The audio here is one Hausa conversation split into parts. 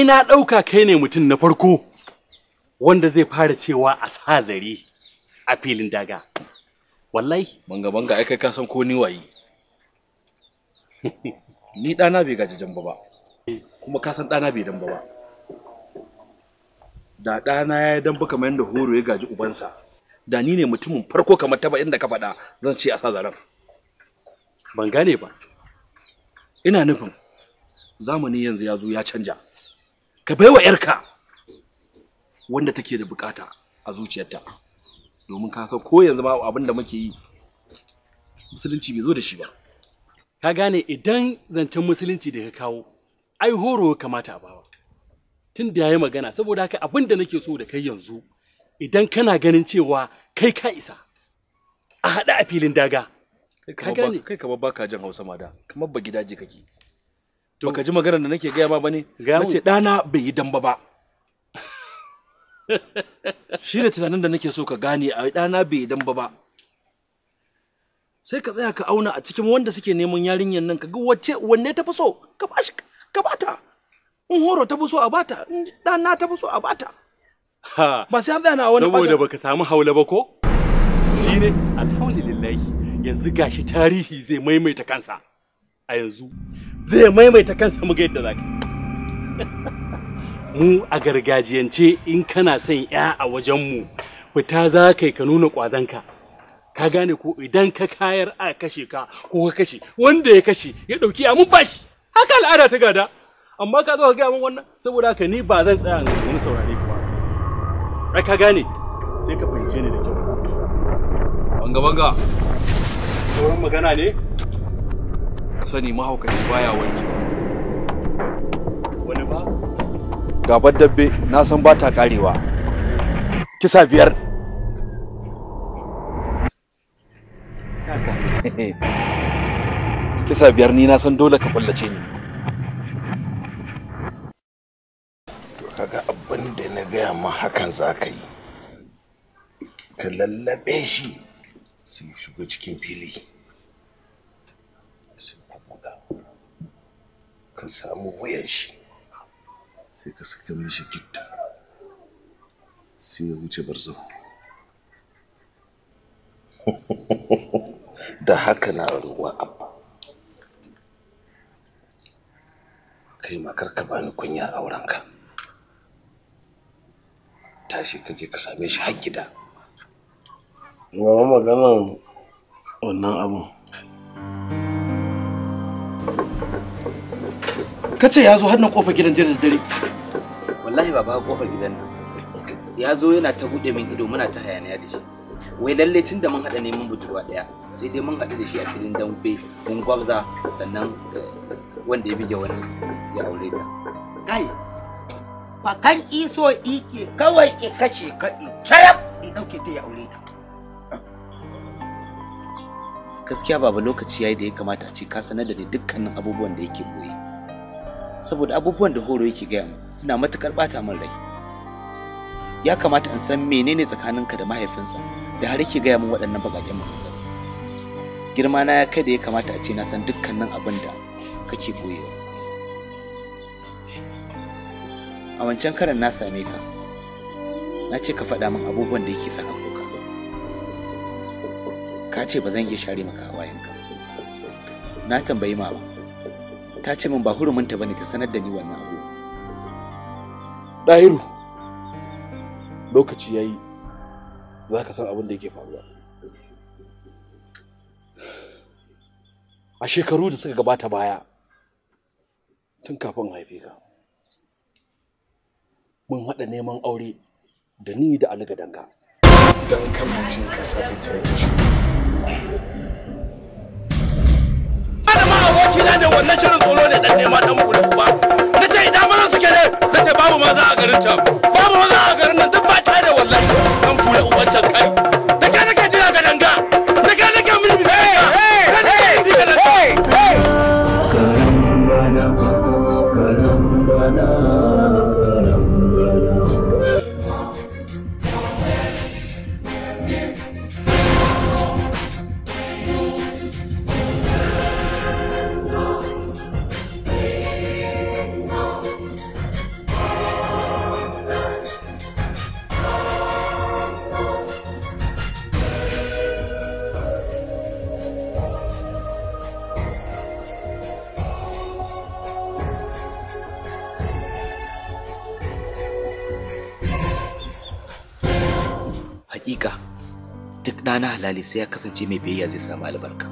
ai na ɗauka kai ne mutum na farko wanda zai fara cewa a sa a filin daga wallahi banga banga ai kai ka san ko ni waye ni ɗana bai gaji jamba ba kuma ka san ɗana bai damba ba da ɗana ya yi damba kamar yadda horo ya gaji ubansa da ni ne mutumin farko kamar taba inda ka faɗa zan ce a sa zaren ban gane ba ina nufin zamani yanzu ya zo ya canja ka bai wa yarka wanda take da bukata a zuciyarta domin ka ko yanzu ma abin da muke yi musulunci bai zo da shi ba ka gane idan zancen musulunci da ka kawo ai horo kamata a bawa tun da yayi magana saboda haka abin da nake so da kai yanzu idan kana ganin cewa kai ka isa a haɗa a filin daga ka kai kamar baka jin Hausa ma da kamar ba gidaje kake baka ji magana da nake gaya ma bane nace dana bai yi damba ba shi ne tunanin da nake so ka gane a dana bai yi damba ba sai ka tsaya ka auna a cikin wanda suke neman yarinyar nan ka ga wacce wanne ta fi so ka shi ka ta. in horo ta fi so a bata in dana ta fi so a ta. ba sai an tsaya na wani saboda baka samu haula ba ko Ji ne alhamdulillah yanzu gashi tarihi zai maimaita kansa a yanzu zai maimaita kansa mu ga yadda zaka mu a gargajiyance in kana son ya a wajenmu fita za ka ka nuna ƙwazonka ka gane ko idan ka kayar a kashe ka ko ka kashe wanda ya kashe ya ɗauki a mun bashi haka al'ada ta gada amma ka zo ka gaya mun wannan saboda haka ni ba zan tsaya in saurare ka ba ai ka gane sai ka fahimce ni da kyau banga banga sauran magana ne ka sani mahaukaci baya warke wani ba gabar dabbe na san ba ta karewa kisa biyar kisa biyar ni na san dole ka fallace ni kaga abin da na gaya ma hakan za ka yi ka lallabe shi sai shiga cikin fili ka samu wayan shi sai ka saka shi gitta sai ya wuce barzo da haka na ruwa abba kai makar ka bani kunya a wurinka tashi ka je ka same shi har gida. Gama maganan wannan abun. kace ya zo har nan kofar gidan jiya da dare wallahi baba kofar gidan nan ya zo yana ta buɗe min ido muna ta hayaniya da shi wai lalle tun da mun haɗa neman budurwa ɗaya sai dai mun haɗu da shi a filin dambe mun gwabza sannan eh, wanda ya bige wani ya aure ta kai fakan iso ike kawai ki kace ka i carab i ɗauke ta ya aure ta gaskiya baba lokaci yayi da ya kamata a ce ka sanar da ni dukkanin abubuwan da yake boye saboda abubuwan da horo yake gaya min suna matukar bata min rai ya kamata in san menene tsakaninka da mahaifinsa da har yake gaya min waɗannan baƙaƙen maganganu girma na ya kai da ya kamata a ce na san dukkanin abin da kake koyewa a wancan karan na same ka na ce ka faɗa min abubuwan da yake saka kuka ka ce ba zan iya share maka hawayenka na tambayi mama ta ce min ba huruminta bane ta sanar da ni wannan abu ɗahiru lokaci ya yi za ka san abin da yake faruwa a shekaru da suka gabata baya tun kafin haife ka mun haɗa neman aure da ni da aliga danga don kamacin ta da abokina da wannan shirin tsoro ne dan nema dan gure ba na ce idan mana suke ne na ce babu maza a garin can babu maza a garin nan duk ba ta da wallahi dan gure uban can na halali sai ya kasance mai biyayya zai samu albarka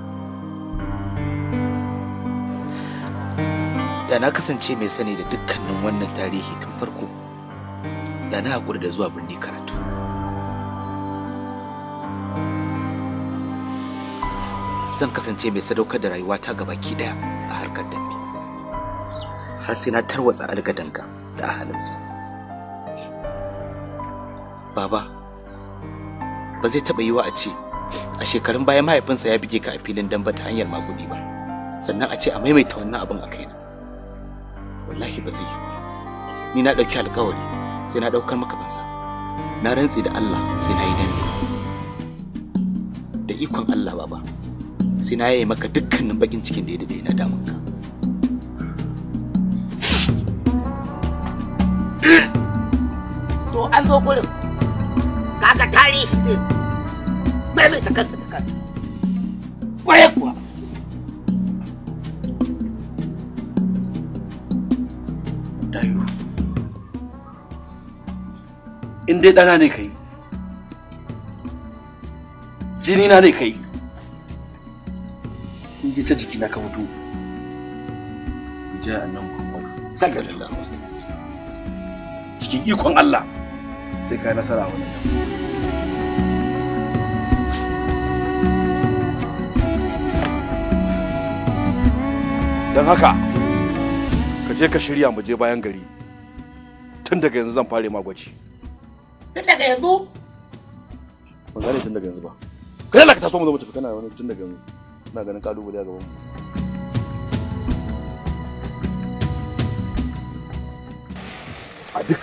da na kasance mai sani da dukkanin wannan tarihi tun farko da na haƙura da zuwa birni karatu zan kasance mai sadaukar da rayuwata gaba baki ɗaya a harkar dambe har sai na tarwatsa algadanka da ahalinsa baba ba zai taɓa yiwa a ce a shekarun baya mahaifinsa ya bige ka a filin damba ta hanyar magudi ba sannan a ce a maimaita wannan abin a kaina wallahi ba zai yi ni na ɗauki alkawari sai na ɗaukar maka bansa na rantse da Allah sai na yi dambe da ikon Allah baba sai na yaye maka dukkanin bakin cikin da ya dade na damunka to an zo gurin kaga tarihi zai maimaita kansa da kansa kwarai kuwa dayo in dai ɗana ne kai jini na ne kai in ji ta jiki na ka mutu ji annan muhammadu sallallahu alaihi wasallam cikin ikon Allah sai ka nasara wannan don haka ka je ka shirya mu je bayan gari tun daga yanzu zan fare ma gwaji tun daga yanzu ban gane tun daga yanzu ba kai Allah ka taso mu zo mu tafi kana wani tun daga yanzu ina ganin kalubale a gaban mu a duk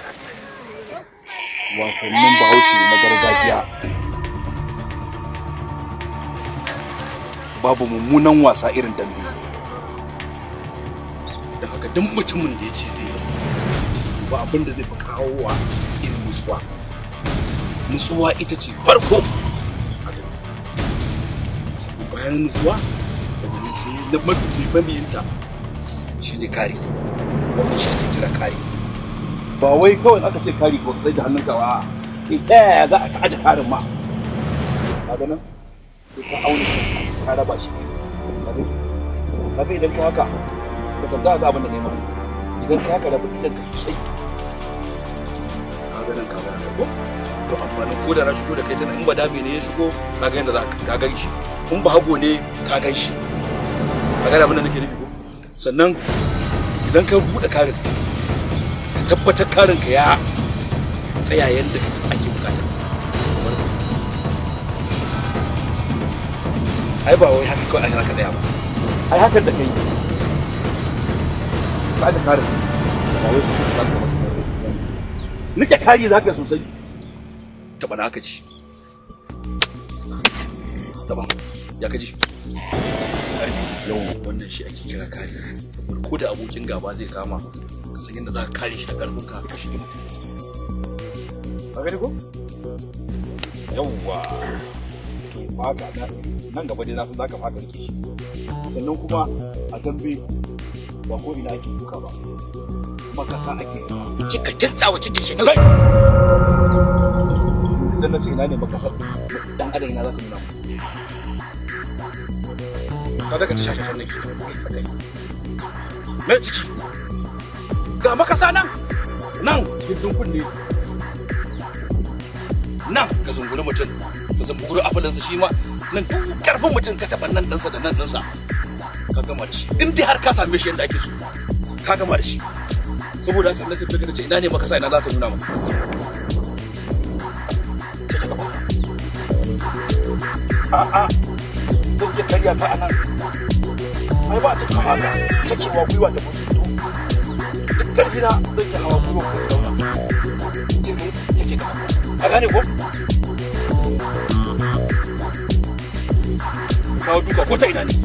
wasannin bahaushe na gargajiya babu mummunan wasa irin dambe duk mutumin da ya ce zai zama ba abin da zai fi kawo wa irin nutsuwa nutsuwa ita ce farko a gani sannan bayan nutsuwa daga nan sai na mabiyinta shi ne kare wannan shi ake kira kare ba wai kawai aka ce kari ko tsaye da hannun ka ba ke ta yaya za a aje karin ma ga nan sai ka auna ka raba shi kaga idan ka haka da ganga ga abin da nema idan ka ka rabu idan ka sosai ka ga nan ka ga nan ko to amma nan ko da na shigo da kai tana in ba dame ne ya shigo ka ga yadda za ka gan shi in ba hago ne ka gan shi ka ga abin da nake nufi ko sannan idan ka buɗe karin ka tabbatar karin ka ya tsaya yadda ake bukata ai ba wai haka kawai a haka daya ba ai haka da kai ka aje kare ba wai kuka za ka mata rike kari za ka sosai taba na kaji taba ya kaji yau wannan shi ake kira kari saboda ko da abokin gaba zai kama ka san yadda za ka kare shi da karfin ka ka shige mutum ka gani ko yawwa to ba ka nan gaba dai na san za ka faɗa sannan kuma a dambe ba ko ina ake duka ba makasa ake kika kinta wa cikin shi kai yanzu dan nace ina ne makasa dan adam ina zaka nuna kada ka ci shashe hannun ki mai ciki ga makasa nan nan gindin kunne nan ka zunguri mutum ka zunguri abalansa shi ma nan duk karfin mutum ka taɓa nan ɗansa da nan ɗansa ka gama da shi in dai har ka same shi yadda ake so ka gama da shi saboda haka na tafi ce ina ne maka sa ina za ka nuna maka a'a ko ya karya ka anan ai ba ta kama ka cakewa gwiwa ta fito duk karfina zai ke hawa gwiwa ko zauna jirgin cake ka a gane ko kawo duka ko ta ina ne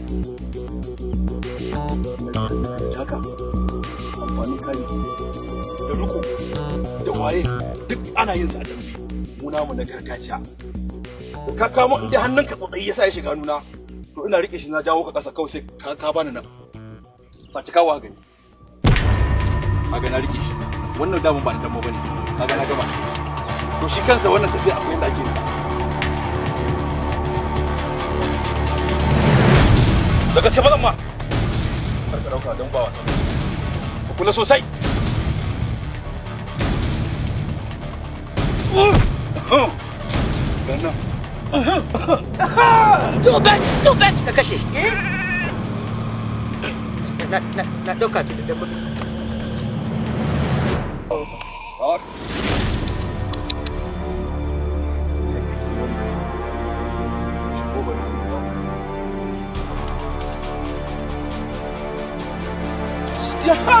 waye duk ana yin su a dambe mu na gargajiya ka kamo inda hannunka tsotsayi yasa ya shiga nuna to ina rike shi na jawo ka kasa kawai sai ka ka bani nan saci kawo gani kaga na rike shi wannan damun ba da damma bane kaga na gaba to shi kansa wannan tafiya akwai yadda ake da gaske ba zan ma karka dauka don ba wasa ku kula sosai Maintenant. Too bad, too bad. Kakashish. Eh? Na, na, na, no copy. Off. Yeah!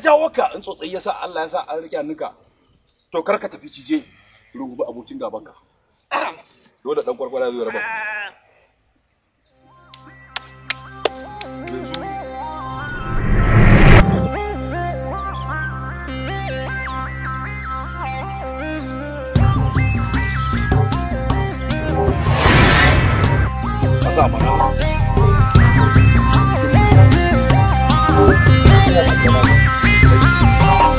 jawo ka in tsotsai ya sa Allah ya sa an rike nuka to kar ka tafi cije rubu abokin gaban ka dole dan kwarkwara zai raba sama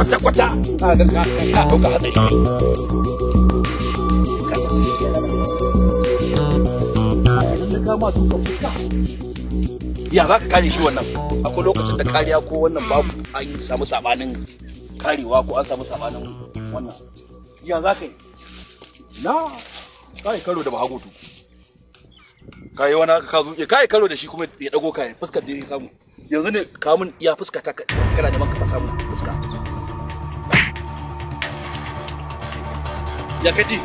kwata-kwata ga ka ka ka ma fuska ya za ka kare shi wannan akwai lokacin da kariya ko wannan babu an samu sabanin karewa ko an samu sabanin wannan ya za ka yi na kai karo da bahagutu kai wani haka ka zuke kai karo da shi kuma ya dago kai fuskar da ya samu yanzu ne kamun ya fuskata ka kana neman ka samu fuska ya kaji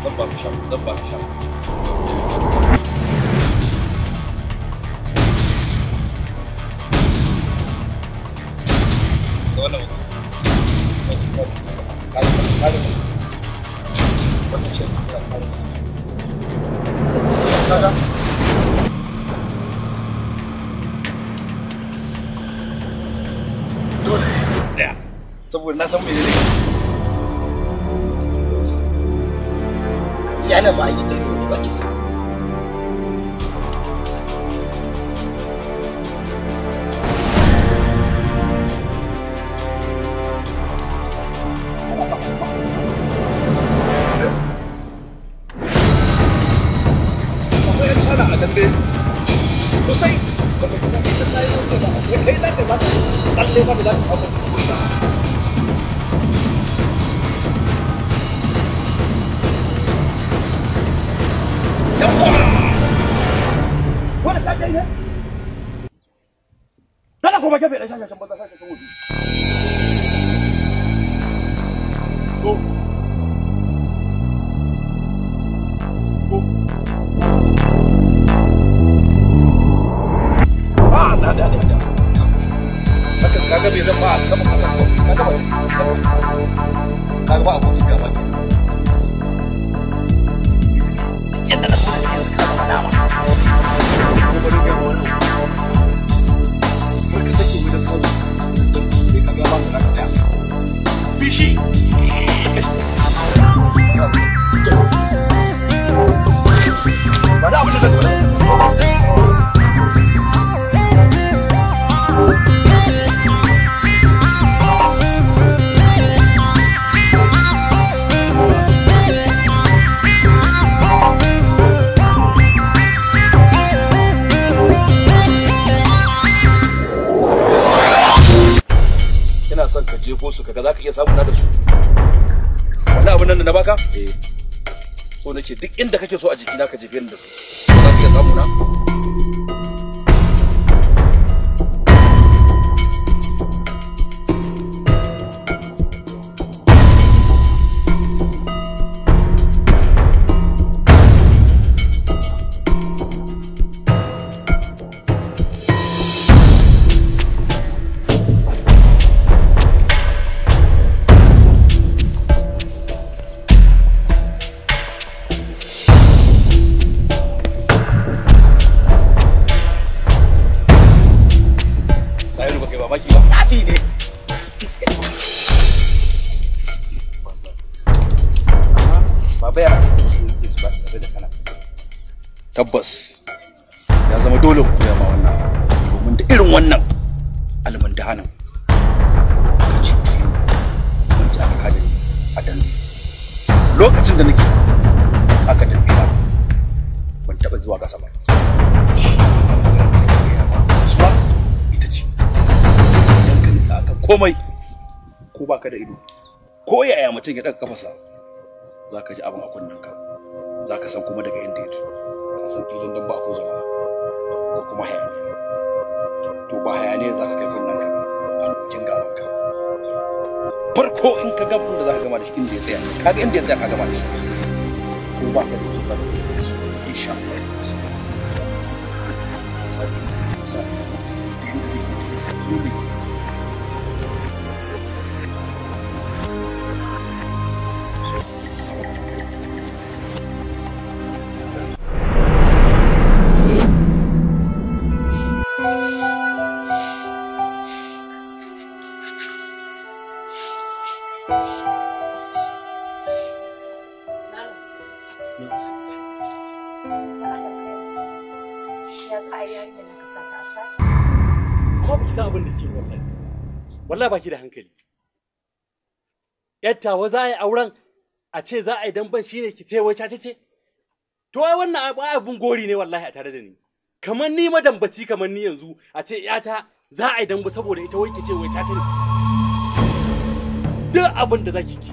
zan ba ka sha zan ba ka sha Thank you. saboda na san mai ne yana ba a yi turmi da ka jefe da abin da ke wallahi wallahi baki da hankali yatta wa za a yi auren a ce za a yi ban shine ki ce wai cace ce to ai wannan abin gori ne wallahi a tare da ni kamar ni madambaci kamar ni yanzu a ce yata za a yi dambu saboda ita wai ki ce wai ta ce duk abin da zaki ki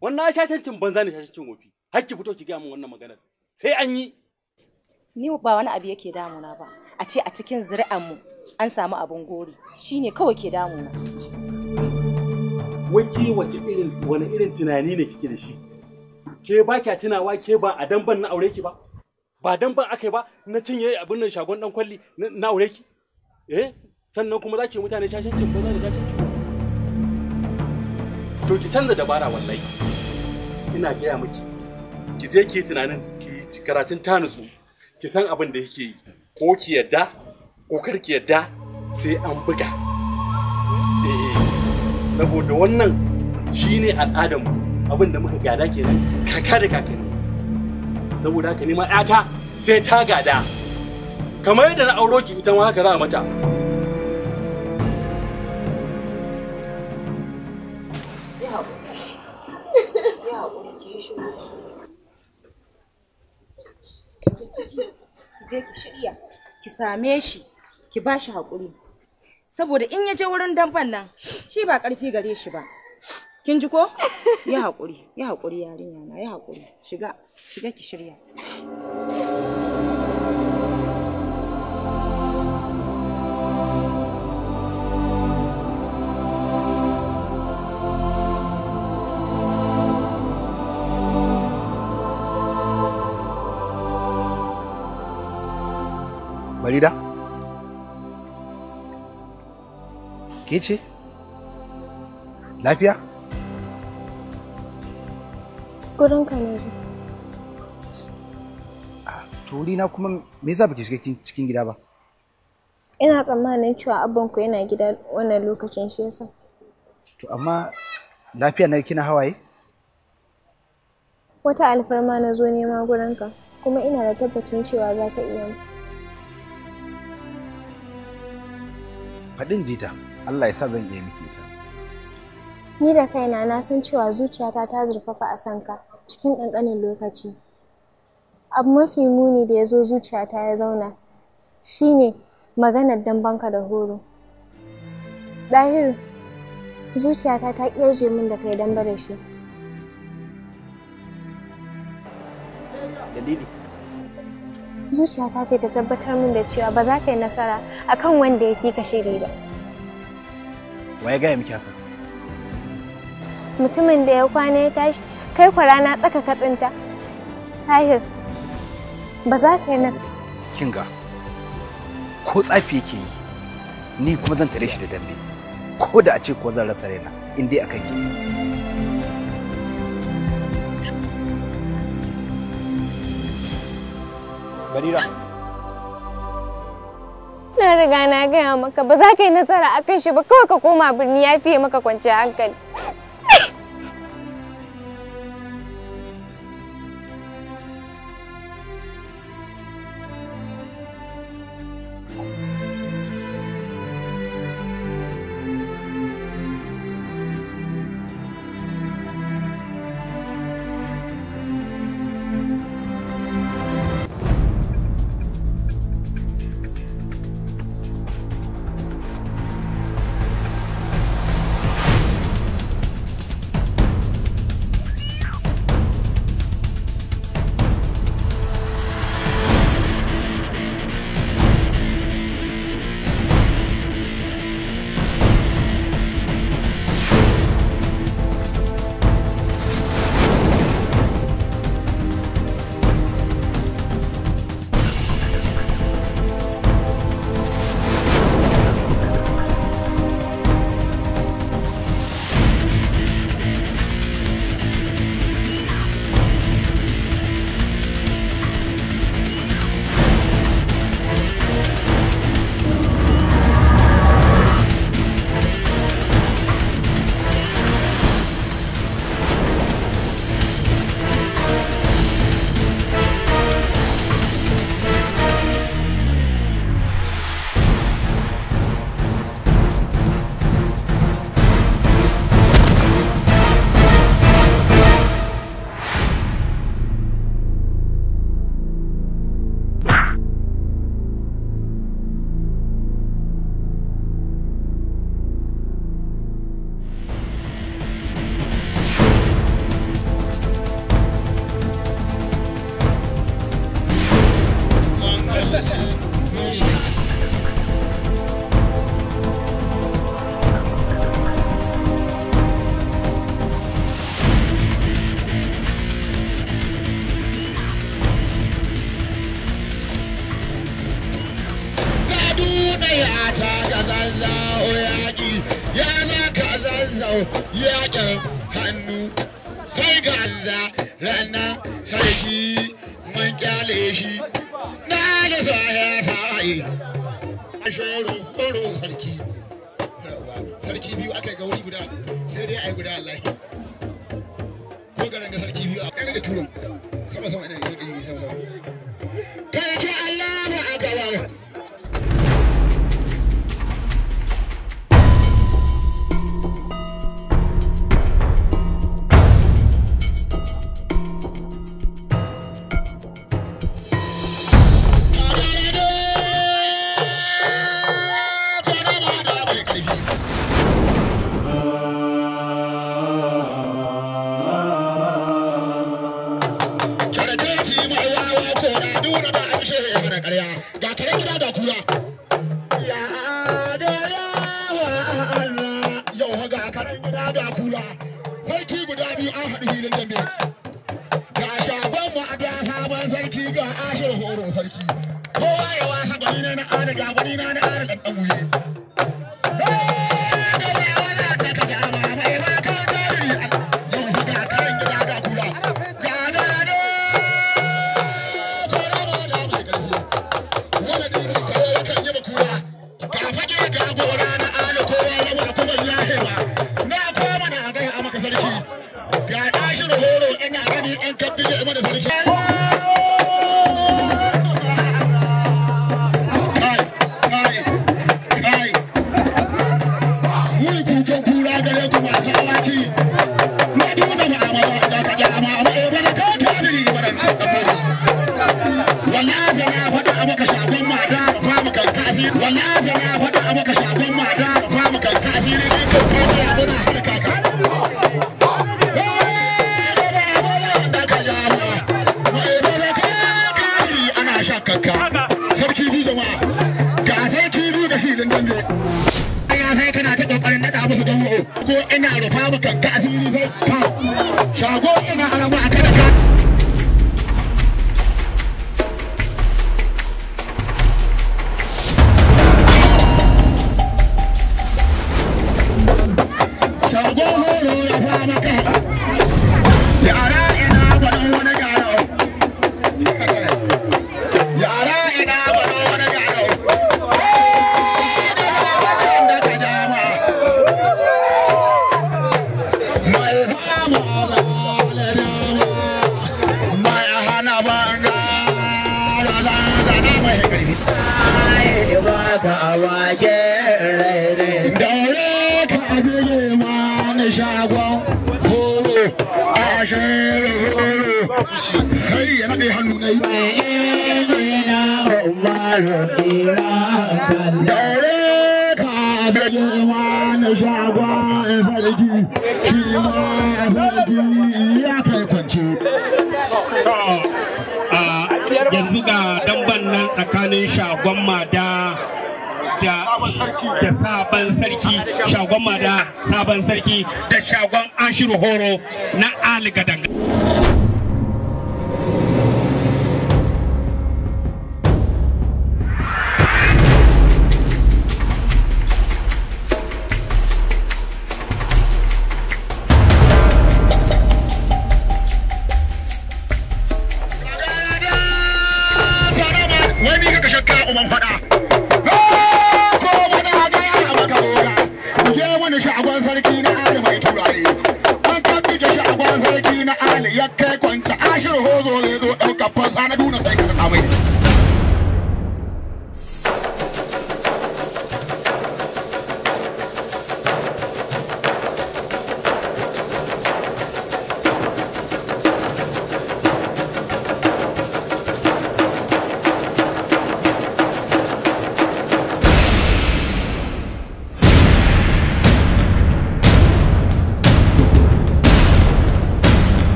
wannan shashancin banza ne shashancin wofi har ki fito ki ga min wannan maganar sai an yi ni ba wani abu yake damuna ba a ce a cikin mu an samu abin gori shine kawai ke damuna wai wace irin wani irin tunani ne kike da shi ke ba kya tunawa ke ba a damban na aure ki ba ba damban aka yi ba na cinye abin nan shagon dan kwalli na aure ki eh sannan kuma za ki mutane shashancin ko za da shashancin to ki canza dabara wallahi ina gaya miki ki je ki tunanin ki karatun ta nutsu ki san abin da kike yi ko ki yadda kokar ki yadda sai an buga eh, saboda wannan shine al'adarmu abin da muka gada kenan kaka da kakanni saboda haka ma 'yata sai ta gada kamar yadda na auro ki ita ma haka za a mata je ki shirya ki same shi ki ba shi haƙuri saboda in ya je wurin damban nan shi ba ƙarfi gare shi ba kin ji ko ya haƙuri ya haƙuri yarinya na ya haƙuri shiga shiga ki shirya Farida? ke ce lafiya gurin ka ne turi na kuma me yasa baki shiga cikin gida ba ina tsammanin cewa abbanku yana gida wannan lokacin shi yasa to amma lafiya na kina hawaye wata alfarma na zo nema gurinka kuma ina da tabbacin cewa za ka iya faɗin jita Allah ya sa zan iya miki ta. ni da kaina na san cewa zuciyata ta zurfafa a sanka cikin ƙanƙanin lokaci abu mafi muni da ya zo zuciyata ya zauna shi ne maganar dambanka da horo Dahiru zuciyata ta ƙirje min da kai damba da shi dalili zuciyata ce ta tabbatar min da cewa ba za ka yi nasara akan wanda ya fi ka shiri ba wa ya gaya miki haka mutumin da ya kwana ya tashi kai kwa rana tsaka katsinta tahir ba za ka yi nasa kinga ko tsafi yake yi ni kuma zan tare shi da dambe ko da a ce ko zan rasa raina in dai akan ki barira na riga na gaya maka ba za ka yi nasara akan shi ba kawai ka koma birni ya fiye maka kwanciyar hankali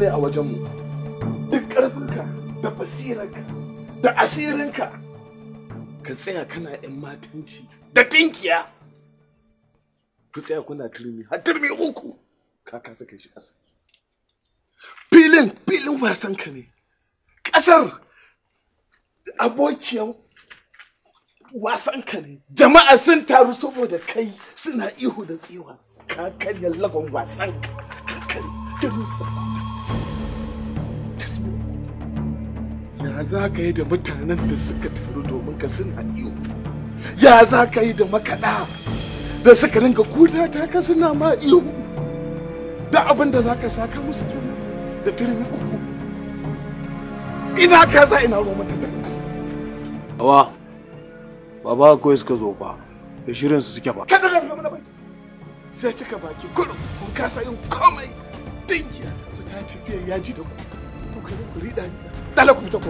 ne a wajenmu duk ƙarfinka da basirarka da asirinka ka tsaya kana yan matanci da tinkiya ku tsaya kuna turmi har turmi uku ka kasa kai shi ƙasa filin filin wasanka ne ƙasar abokiyar wasanka ne jama'a sun taru saboda kai suna ihu da tsiwa ka karya lagon wasan ka karya ya za ka yi da mutanen da suka taru domin ka suna iyo ya za ka yi da makaɗa da suka ringa kuta ta ka suna ma iyo da abin da za ka saka musu kenan da turmi uku ina ka za ina ta da Awa, baba kawai suka zo fa, da shirin su suke ba. Kada da ruwa mana Sai cika baki kurum, kun kasa yin komai. Dinkiya ta zo ta tafiya ya ji da ku. Ku kai ku riɗa ni. lálẹ́ kò fi tọkọ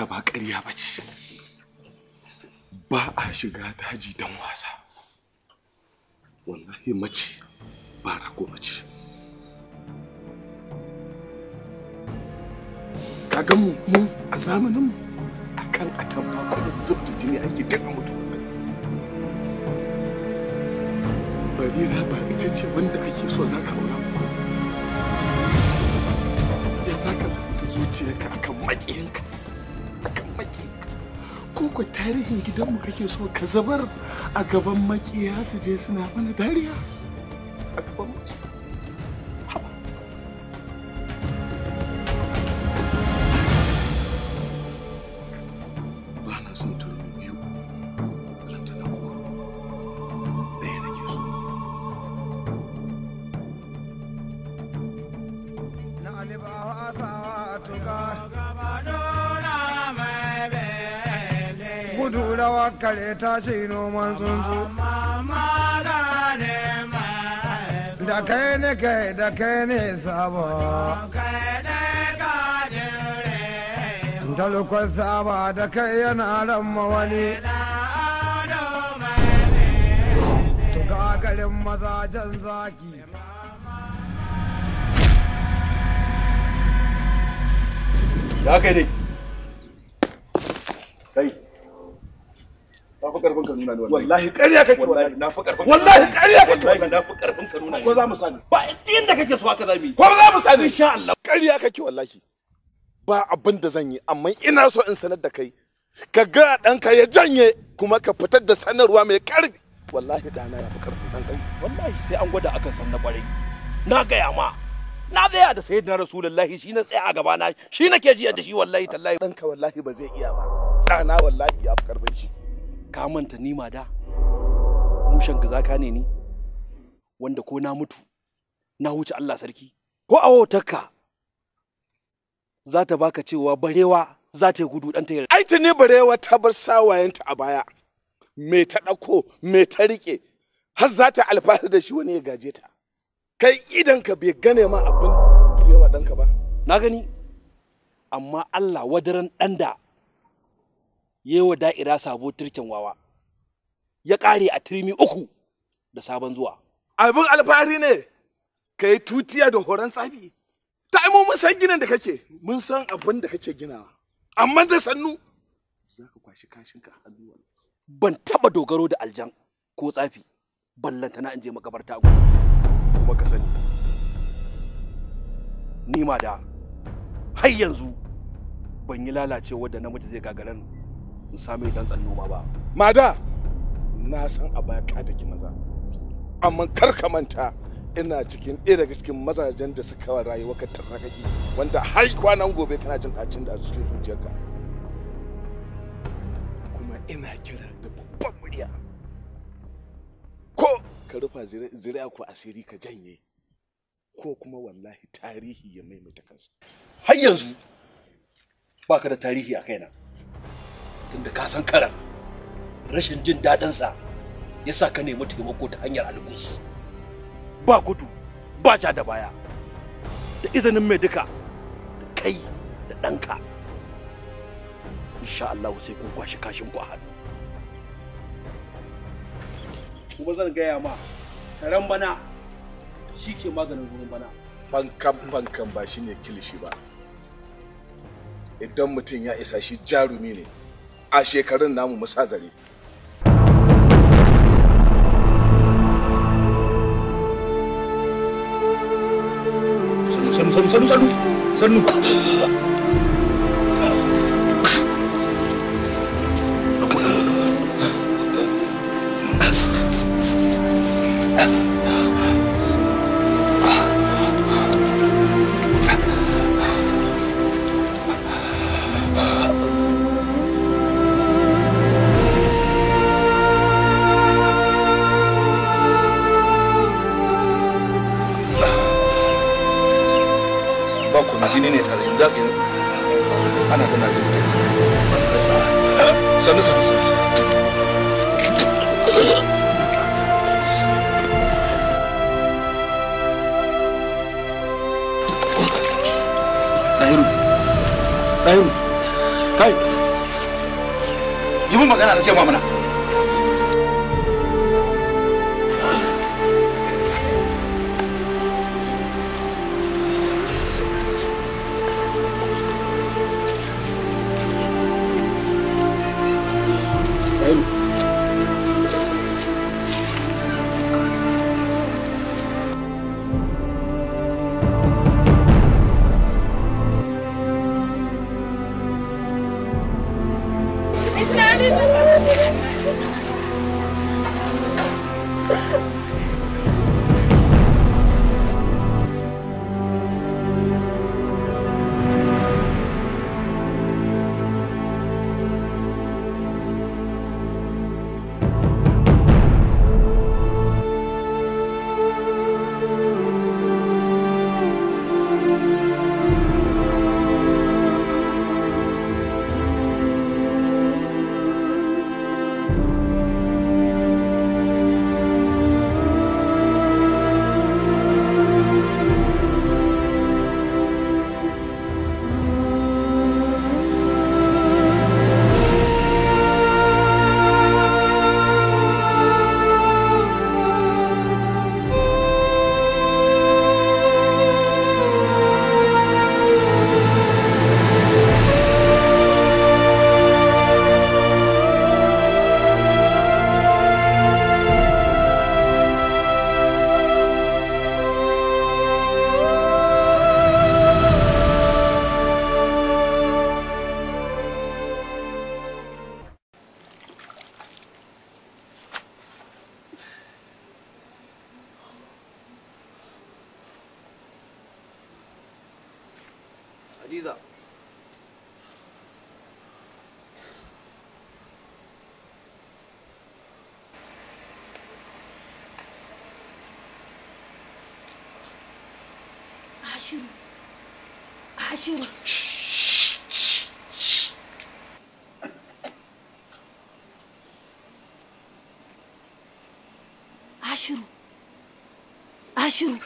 iska ba ƙarya ba ce ba a shiga daji don wasa wallahi mace ba ko mace kaganmu mu a zamanin mu kan atamfa kuma zubta jini ake daga mutu barira ba ita ce wanda kake so za ka aura ba ya za ka zuciyarka akan maƙiyinka koko tarihin gidanmu kake so ka zabar a gaban makiya su je suna mana dariya a gaban makiya kare ta shi noman tsuntsu da kai ne kai da kai ne sabo talukon saba da kai yana ran mawani tuka garin mazajen zaki Da kai dai fi karfin ka nuna ni wallahi ƙarya kake wallahi na fi karfin wallahi ƙarya kake wallahi na fi karfin ka nuna ko za mu sani ba inda kake so haka zamu yi ko za mu sani insha Allah ƙarya kake wallahi ba abin da zan yi amma ina so in sanar da kai ka ga ɗanka ya janye kuma ka fitar da sanarwa mai ƙarfi wallahi ɗana ya fi ƙarfi ɗan kai wallahi sai an gwada akan san na ƙwarai na gaya ma na tsaya da sayyidina rasulullahi shi na tsaya a gaba na shi nake jiya da shi wallahi tallahi ɗanka wallahi ba zai iya ba ɗana wallahi ya fi ƙarfin shi ka manta ni ma da mushen gazaka ne ni wanda ko na mutu na wuce Allah sarki ko a ka, za ta baka cewa barewa za ta yi gudu dan ta yi ai ne barewa ta bar sawayenta a baya me ta ɗauko me ta rike har za ta alfahar da shi wani ya gaje ta kai idan ka bai gane ma abin barewa ɗanka ba na gani amma Allah wadaran ɗan da yewa da'ira sabo turken wawa ya ƙare a turmi uku da sabon zuwa abin alfahari ne ka yi tutiya da horon tsafi ta mu mun san ginin da kake mun san abin da kake ginawa amma da sannu za ka kwashi ka a hannu ban taba dogaro da aljan ko tsafi ballantana in je makabarta kuma ka sani ni ma da har yanzu ban yi lalacewa da namiji zai gagarar in same dan noma ba mada na san a baya ka daki maza amma kar ka manta ina cikin ɗaya daga cikin mazajen da suka wa rayuwa ka wanda har kwanan gobe kana jin ɗacin da a cikin zuciyarka kuma ina kira da babban murya ko ka rufa zuri'a ko asiri ka janye ko kuma wallahi tarihi ya maimaita kansa har yanzu baka da tarihi a kaina tunda ka san karan rashin jin daɗinsa ya sa ka nemi taimako ta hanyar alkus ba gudu ba ja da baya da izinin mai duka da kai da ɗanka insha Allah sai kun kwashi kashin ku a hannu kuma zan gaya ma karen bana shi ke maganin gurin bana fankan fankan ba shi ne kilishi ba idan mutum ya isa shi jarumi ne a shekarun namu musa zare sannu sannu sannu sannu sannu za ka yi ana tana zai mutu yanzu sannu sannu sannu Nahiru, Nahiru, kai, yi mun magana da ce mamana. shiru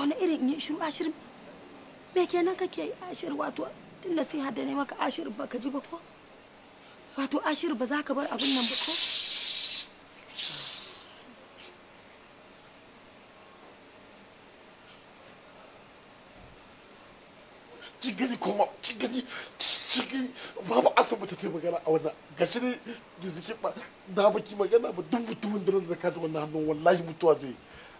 wani irin yin shiru ashirin me kenan kake yi ashir wato tun nasiha da ne maka ashir ba ka ji ba ko wato ashir ba za ka bar abin nan ba ko ki gani kuma ki gani ki babu asibiti ta magana a wannan gashi ne da suke ba na baki magana ba duk mutumin da da ka da wannan hannun wallahi mutuwa zai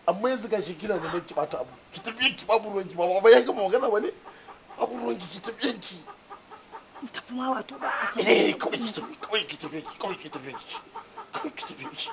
amma yanzu gashi gina da ki bata abu ki tafi yanki babu ruwanki ba ba ya gama magana ba ne babu ruwanki ki ki tafi yanki in tafi ma wato ba a san eh kawai ki tafi kawai ki tafi kawai ki tafi kawai ki tafi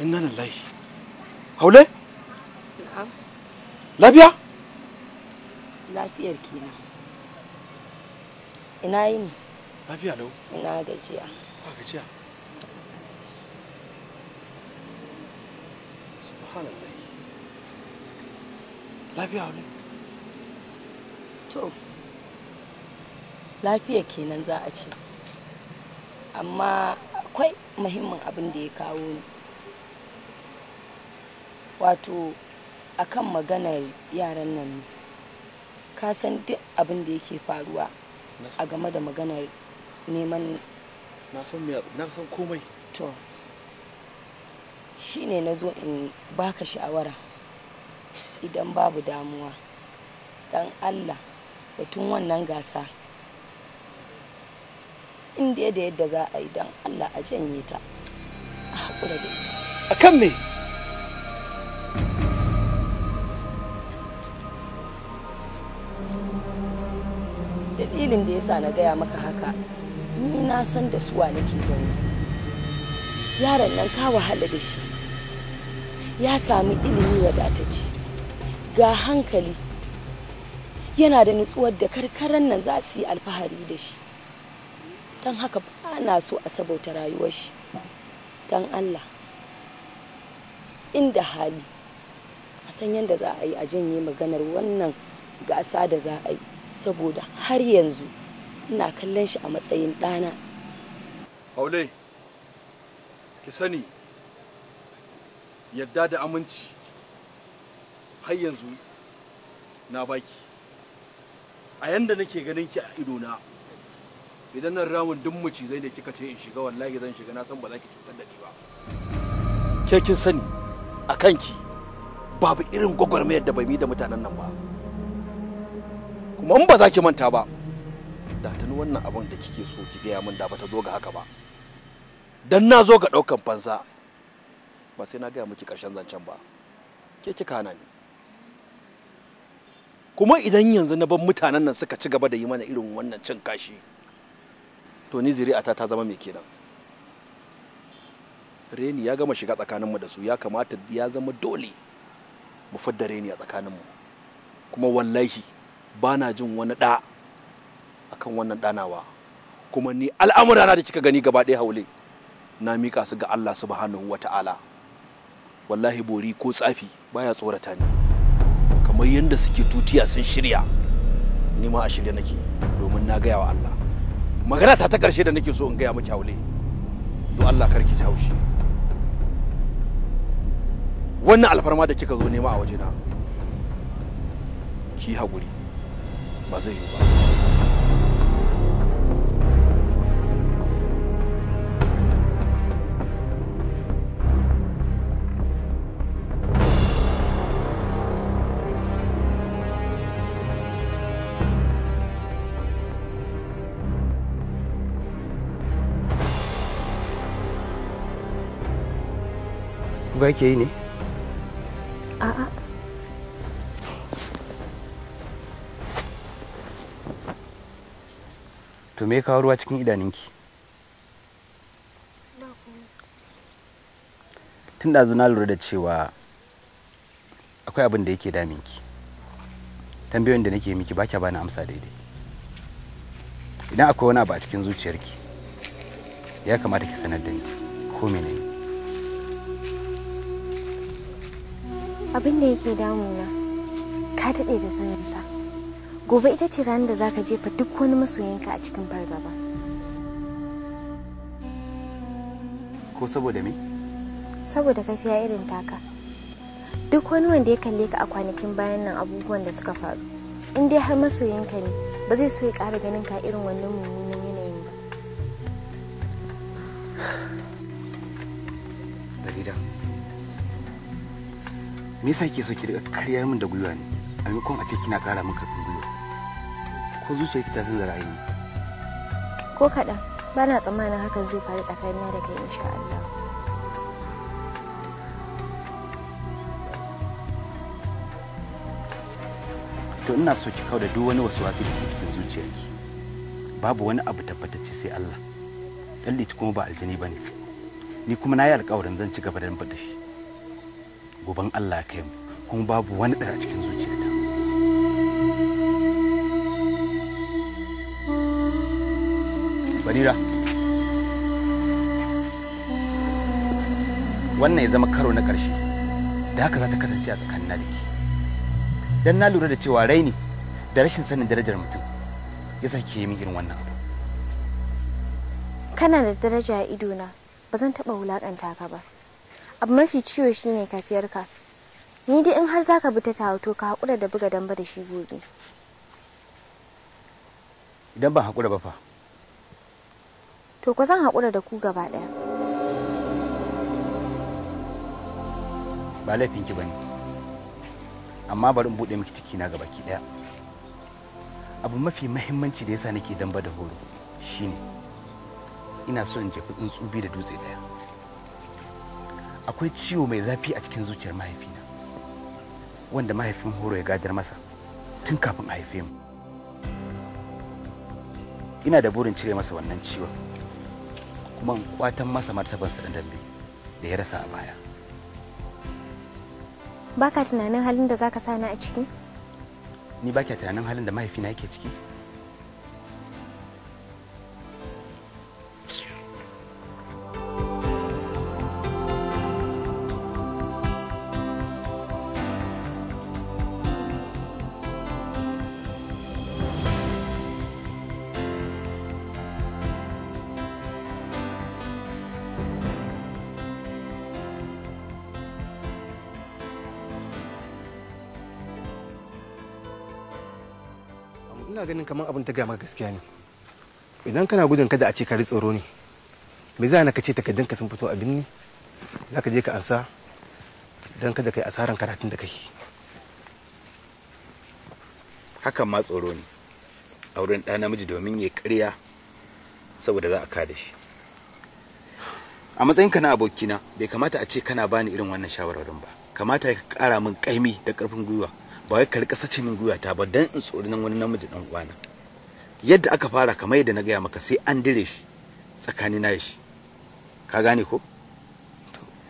inna lillahi haule lafiya lafiyar kenan ina yi ne lafiya lau ina gajiya ba gajiya subhanallah lafiya haule to lafiya kenan za a ce amma akwai muhimmin abin da ya kawo ni wato akan maganar yaran nan ne ka san duk abin da yake faruwa a game da maganar neman na san komai to ne na zo in baka shawara idan babu damuwa dan allah da tun wannan gasa inda da yadda za a yi dan allah a janye ta a haƙura da ita a kan me dalilin da yasa na gaya maka haka ni na san da suwa nake zaune yaron nan ka wahala da shi ya sami ilimi wadatacce ga hankali yana da nutsuwar da karkaran nan za su yi alfahari da shi don haka ba so a sabauta rayuwar shi don allah inda hali a san yadda za a yi a janye maganar wannan gasa da za a yi saboda har yanzu ina kallon shi a matsayin ɗana. Aule, ki sani yadda da aminci har yanzu na baki. A yanda nake ganin ki a ido na idan nan ramin duk macizai da kika ce in shiga wallahi zan shiga na san ba za ki cutar da ni ba. Ke kin sani a kanki babu irin gwagwarmayar da bai mi da mutanen nan ba. kuma in ba za ki manta ba da tuni wannan abin da kike so ki gaya min da ba ta zo ga haka ba dan na zo ga ɗaukan fansa ba sai na gaya miki ƙarshen zancen ba ke kika na ni kuma idan yanzu na bar mutanen nan suka ci gaba da yi mana irin wannan cin kashi to ni zuri'ata ta zama mai kenan reni ya gama shiga tsakaninmu da su ya kamata ya zama dole mu fadda reni a tsakaninmu kuma wallahi bana jin wani ɗa akan wannan ɗanawa kuma ni al'amurana da kika gani gaba ɗaya haule na miƙa su ga Allah subhanahu wa ta'ala wallahi bori ko tsafi baya tsorata ni kamar yadda suke tutiya sun shirya ni ma a shirya nake domin na gaya wa Allah magana ta ta ƙarshe da nake so in gaya miki haule don Allah karki ta haushi wannan alfarma da kika zo nema a wajena ki haƙuri ba zai yi ba kuka yi ne me ya kawo ruwa cikin idaninki tun ɗazu na lura da cewa akwai abin da yake daminki tambayoyin da nake miki baki bani amsa daidai idan akwai wani abu a cikin zuciyarki ya kamata ki sanar da ni ko menene abin da yake damuna ka daɗe da saninsa gobe ita ce ranar da zaka jefa duk wani masoyinka a cikin fargaba ko saboda me saboda kafiya irin taka duk wani wanda ya kalle ka a kwanakin bayan nan abubuwan da suka faru in dai har masoyinka ne ba zai so ya ƙara ganin ka irin wannan mummunan yanayin ba Dalila. me yasa ke so ki riga karyar min da gwiwa ne a maimakon a ce kina ƙara min karfin fa zuciya ta canza ra'ayi ko kaɗan bana tsammanin hakan zai faru tsakanina da kai insha Allah to ina so ki kauda duk wani wasu wasu da cikin zuciyarki babu wani abu tabbatacce sai Allah dan lici kuma ba aljini bane ni kuma na yi alƙawarin zan ci gaba da da shi goban Allah ya kai mu kuma babu wani ɗaya a cikin zuciyarta. barira wannan ya zama karo na ƙarshe da haka za ta kasance a tsakanin na da ke don na lura da cewa raini da rashin sanin darajar mutum ya sa ke yi min irin wannan kana da daraja a idona ba zan taɓa wulaƙanta ka ba abu mafi ciwo shine kafiyarka ni dai in har zaka bi ta tawato ka haƙura da buga damba da shi gobe idan ba haƙura ba fa to ku zan haƙura da ku gaba ɗaya ba laifinki ba ne amma bari in buɗe miki ciki na gaba ki ɗaya abu mafi mahimmanci da yasa nake damba da horo shine ina so in jefi tsuntsu biyu da dutse ɗaya akwai ciwo mai zafi a cikin zuciyar mahaifina wanda mahaifin horo ya gadar masa tun kafin a haife mu ina da burin cire masa wannan ciwon kuma kwatan masa martabarsa da dambe da ya rasa a baya baka tunanin halin da zaka ni a ciki ni baka tunanin halin da mahaifina yake ciki ina ganin kamar abin ta gama gaskiya ne idan kana gudun kada a ce ka tsoro ne me za na kace ce ka sun fito a binni za ka je ka ansa don kada kai asaran karatun da kai hakan ma tsoro ne a wurin ɗa namiji domin ya ƙarya saboda za a kada shi a matsayinka na abokina bai kamata a ce kana bani irin wannan shawarwarin ba kamata ya kara min kaimi da ƙarfin gwiwa ba wai ka rika sace min gwiwa ta ba dan in tsori nan wani namiji dan uwana yadda aka fara kamar yadda na gaya maka sai an dire shi tsakani na shi ka gane ko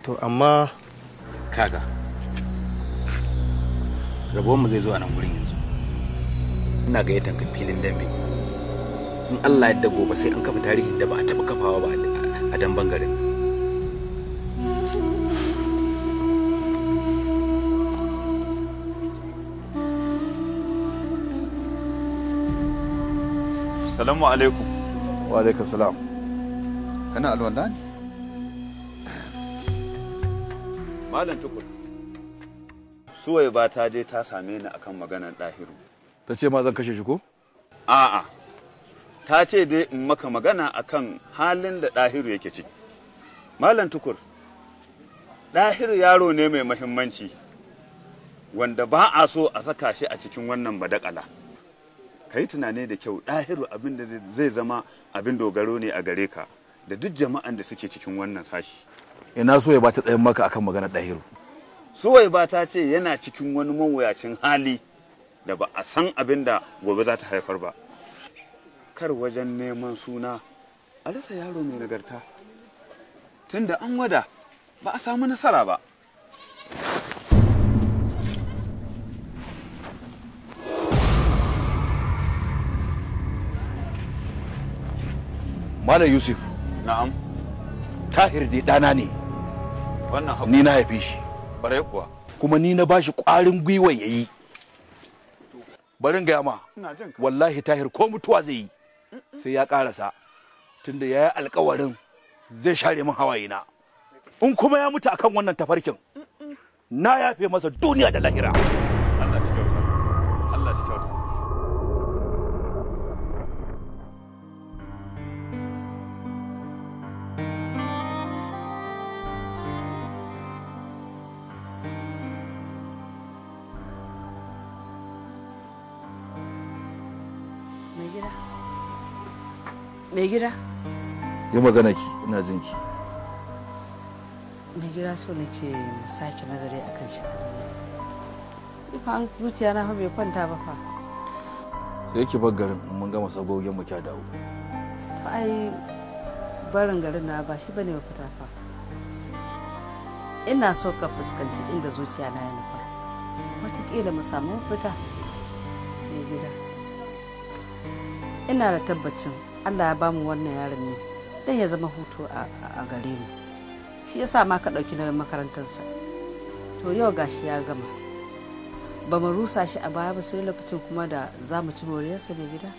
to amma kaga rabon mu zai zo a nan gurin yanzu ina ga yadda filin dambe in Allah ya dago ba sai an kafa tarihin da ba a taba kafawa ba a dan bangaren Salamu alaikum. Wa alaikum salam. Kana alwanda ne? Malam tukur. Suwai ba ta je ta same ni akan maganar ɗahiru. Ta ce ma zan kashe shi ko? A'a. Ta ce dai in maka magana akan halin da ɗahiru yake ciki. Malam tukur. Ɗahiru yaro ne mai mahimmanci wanda ba a so a saka shi a cikin wannan badakala. ka yi tunani da kyau ɗahiru abin da zai zama abin dogaro ne a gare ka da duk jama'an da suke cikin wannan sashi ina so ya bata tsayin maka akan magana ɗahiru suwai ba ta ce yana cikin wani mawuyacin hali da ba a san abin da gobe za ta haifar ba kar wajen neman suna a yaro mai nagarta tunda an wada ba a samu nasara ba Malam Yusuf. Na'am. Tahir dai ɗana ne. Wannan haƙuri. Ni na haife shi. Bare kuwa. Kuma ni na bashi ƙwarin gwiwa ya yi. Barin gaya ma. Wallahi Tahir ko mutuwa zai yi. Sai ya ƙarasa. Tunda ya yi alƙawarin zai share min hawaye na. In kuma ya mutu akan wannan tafarkin. Na yafe masa duniya da lahira. Allah shi Mai gida? Yi magana ki, ina jin ki. Mai gida so nake mu sake nazari akan shi. Ifa an zuciya na bai kwanta ba fa. Sai ki bar garin mun gama sagogin mu kya dawo. Fa ai barin garin na ba shi bane fita fa. Ina so ka fuskanci inda zuciya na ya nufa. Wataƙila mu samu fita Mai gida. Ina da tabbacin Allah ya bamu wannan yaron ne don ya zama hutu a gare mu shi ya sa ma ka ɗauki na makarantarsa to yau gashi ya gama ba mu rusa shi a baya ba sai lokacin kuma da za mu ci moriyarsa mai gida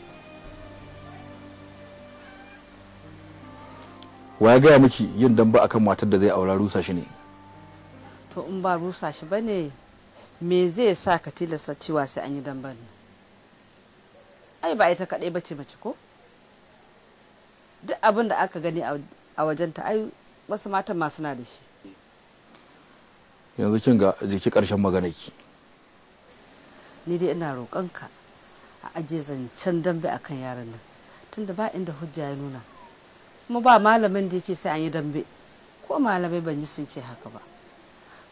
wa gaya miki yin damba akan matar da zai aura rusa shi ne to in ba rusa shi ba ne me zai sa ka tilasta cewa sai an yi damban ai ba ita kaɗai ba ce mace ko duk abin da aka gani a wajenta ai wasu matan masu na da shi yanzu kin ga jiki magana maganaki ni dai ina roƙonka a aje zancen dambe akan yaran nan tunda ba inda hujja ya nuna kuma ba malamin da yake sai an yi dambe ko malamai ban yi sun ce haka ba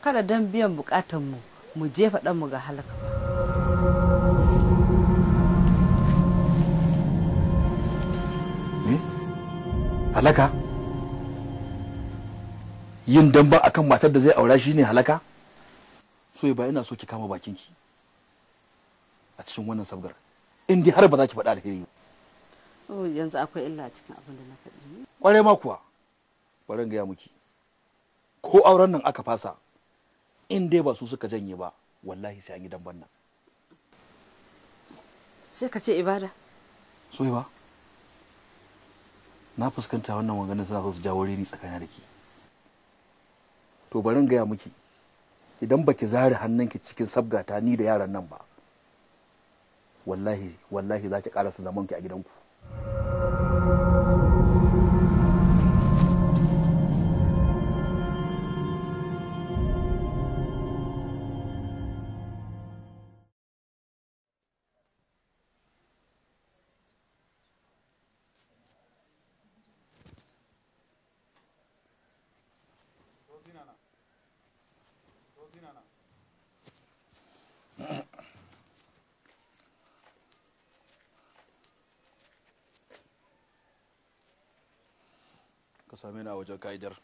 kada dambiyan bukatan mu mu jefa mu ga halaka ba halaka yin damba akan matar da zai aura shi ne halaka so ba ina so ki kama bakinki a cikin wannan sabgar in dai har ba za ki faɗa alheri oh, yanzu akwai illa cikin abin da na faɗi ƙwarai ma kuwa ƙwarai gaya miki ko auren nan aka fasa in dai ba su suka janye ba wallahi sai an yi damban nan sai ka ce ibada so ba na fuskanta wannan maganin suna so su jawo riri tsakanin da ke to barin gaya miki idan baki zare hannunki cikin sabgata ni da yaran nan ba wallahi wallahi za ki karasa zamanki a gidanku same ni a wajen ka'idar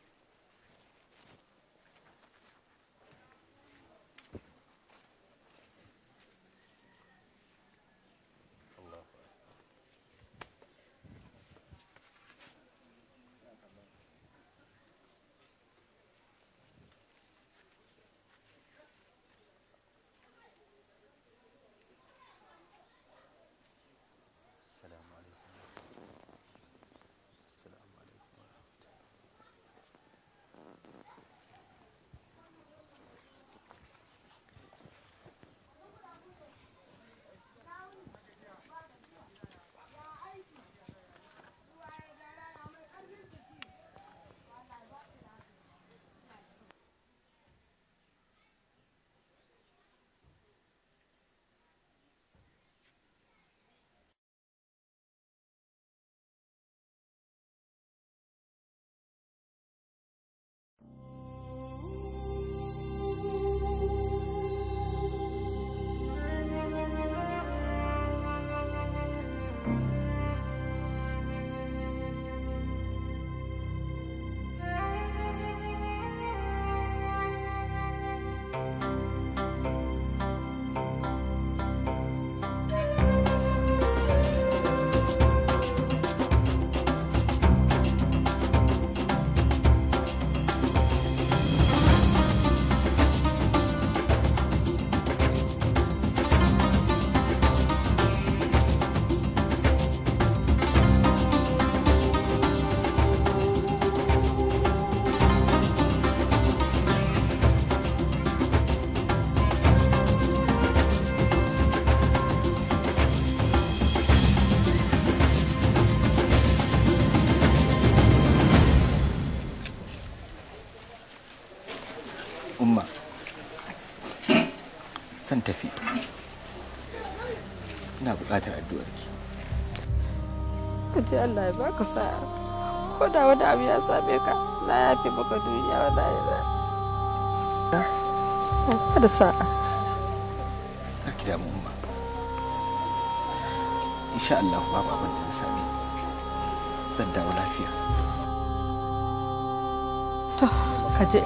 buƙatar addu'arki Ajiye Allah ya baka sa'a ko da wani abu ya same ka na yafe maka duniya wa lahira ba da sa'a karki da umma insha Allah babu abin da ya same ni. zan dawo lafiya to ka je.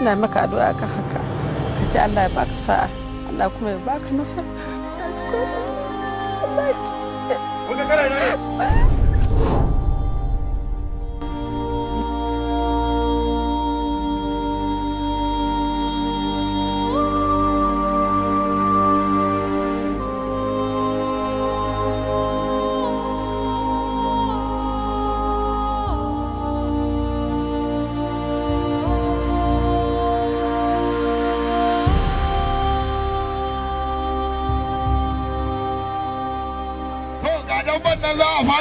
ina maka addu'a kan haka Ka kaje Allah ya baka sa'a Allah kuma ya baka nasara Ya ji komai Peraí, peraí.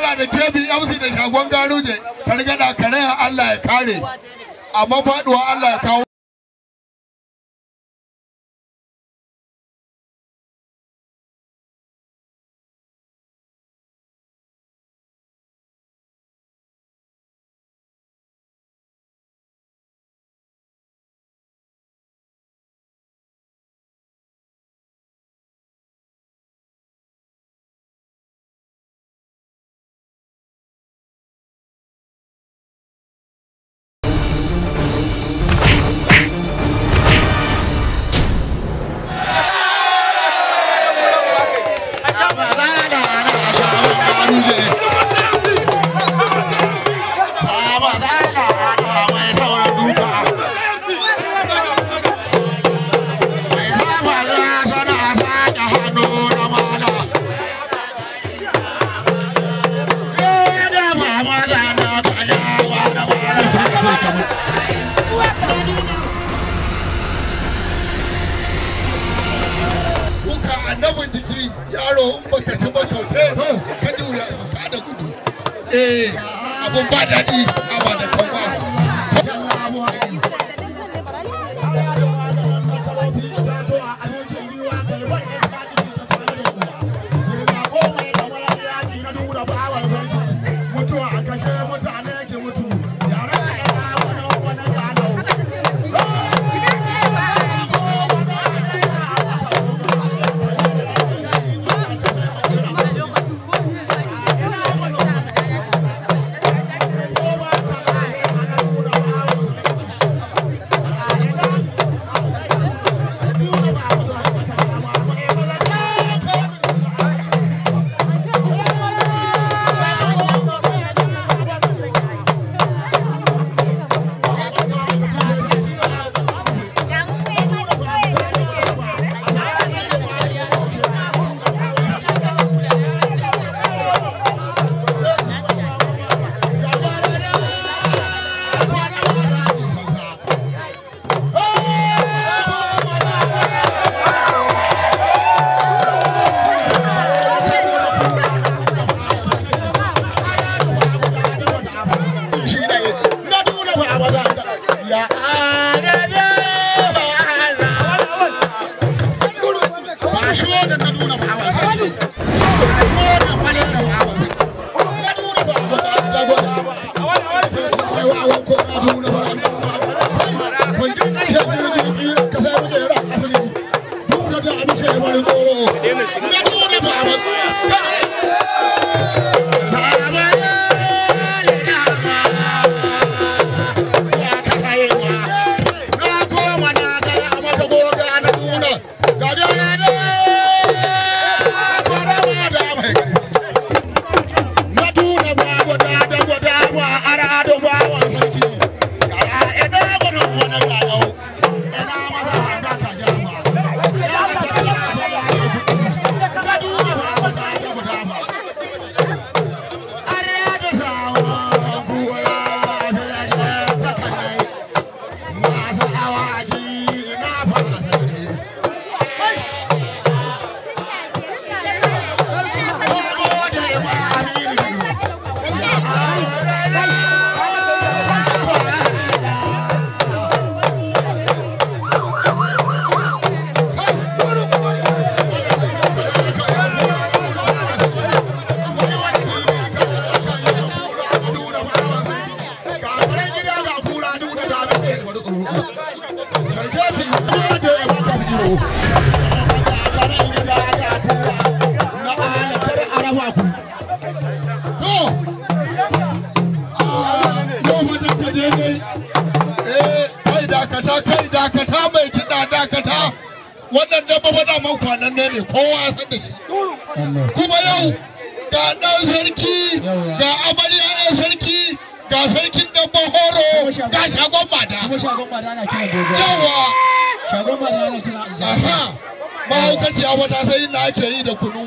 fara da kebi MC da shagon garuje ta kare Allah ya kare amma faduwa Allah ya kawo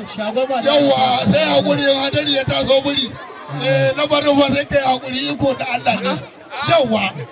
yawa sai hakuri yin hadari ya taso buri eh na bari ba sai kai hakuri iko da Allah ne yawa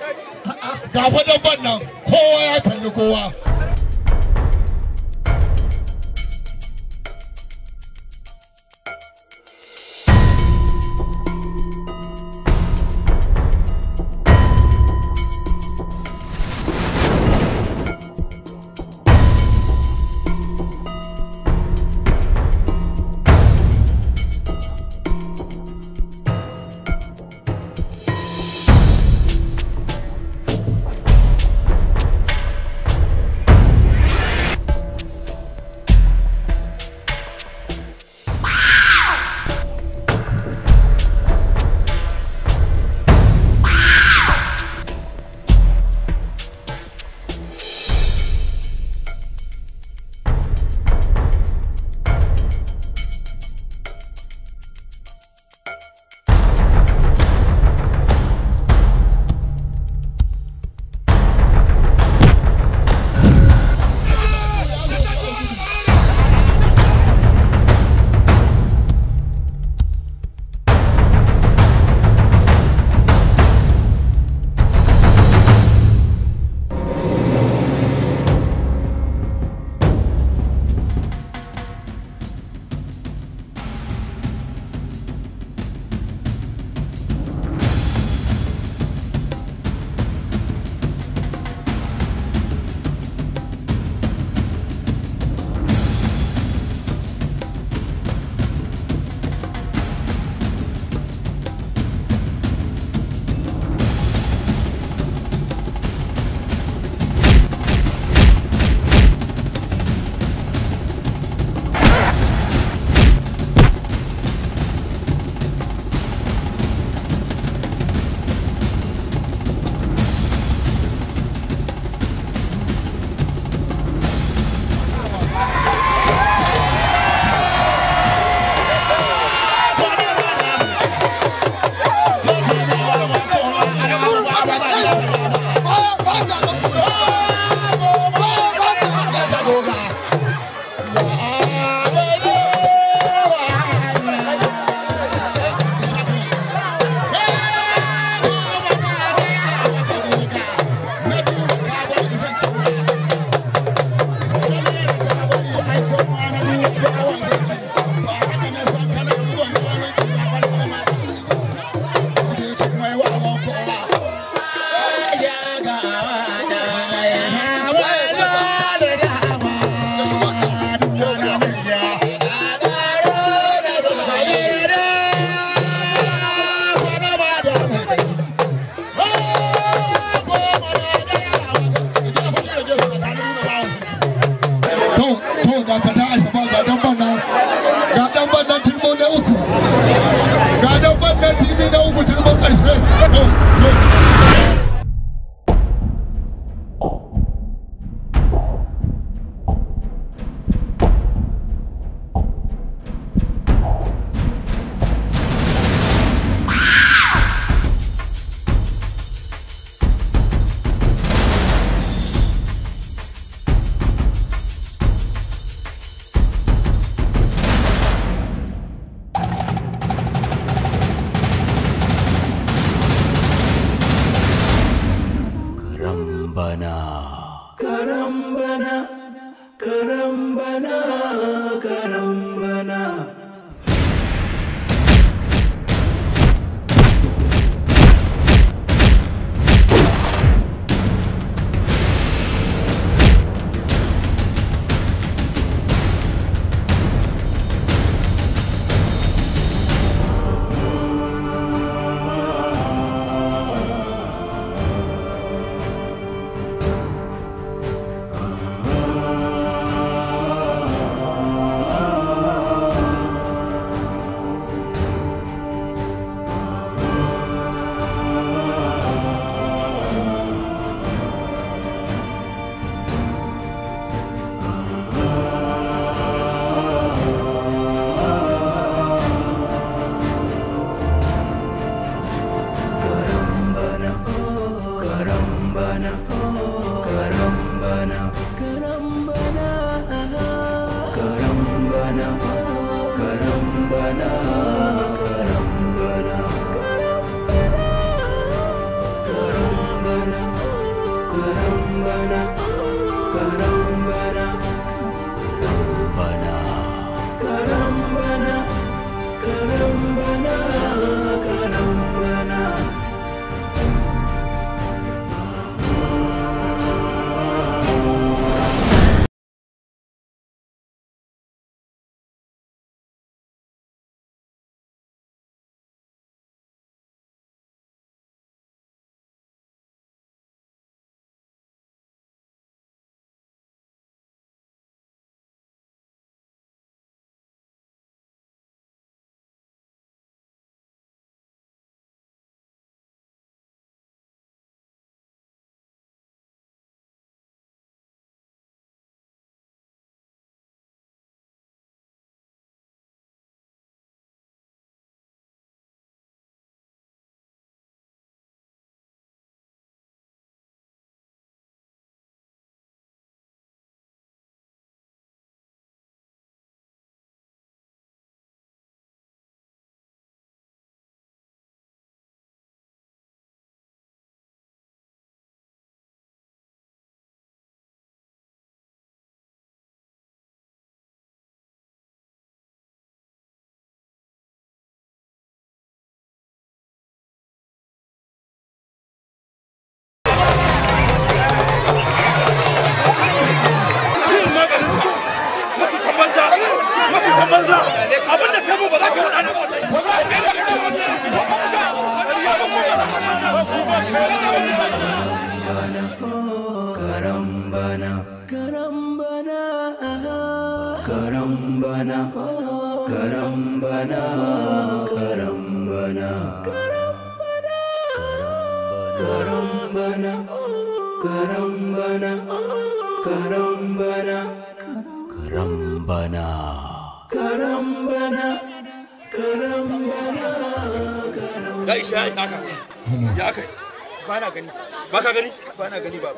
ba ka gani ba na gani ba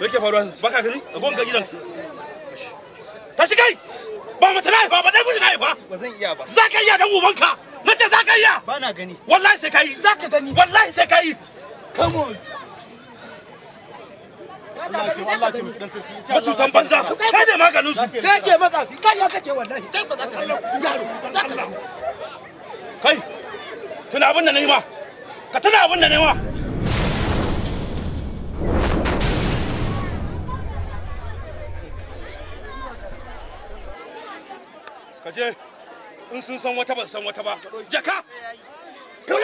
yake faruwa ba ka gani a gonga gidan tashi kai ba mace na ba ba dai miji na ba ba zan iya ba za ka iya dan na ce za ka iya ba na gani wallahi sai ka yi za ka gani wallahi sai ka yi come on banza kai ne maganin su kai ke kai ya kace wallahi kai ba za ka yaro za ka kai tuna abin da na yi ma ka tuna abin da nema ka je in sun san wata ban san wata ba jaka ka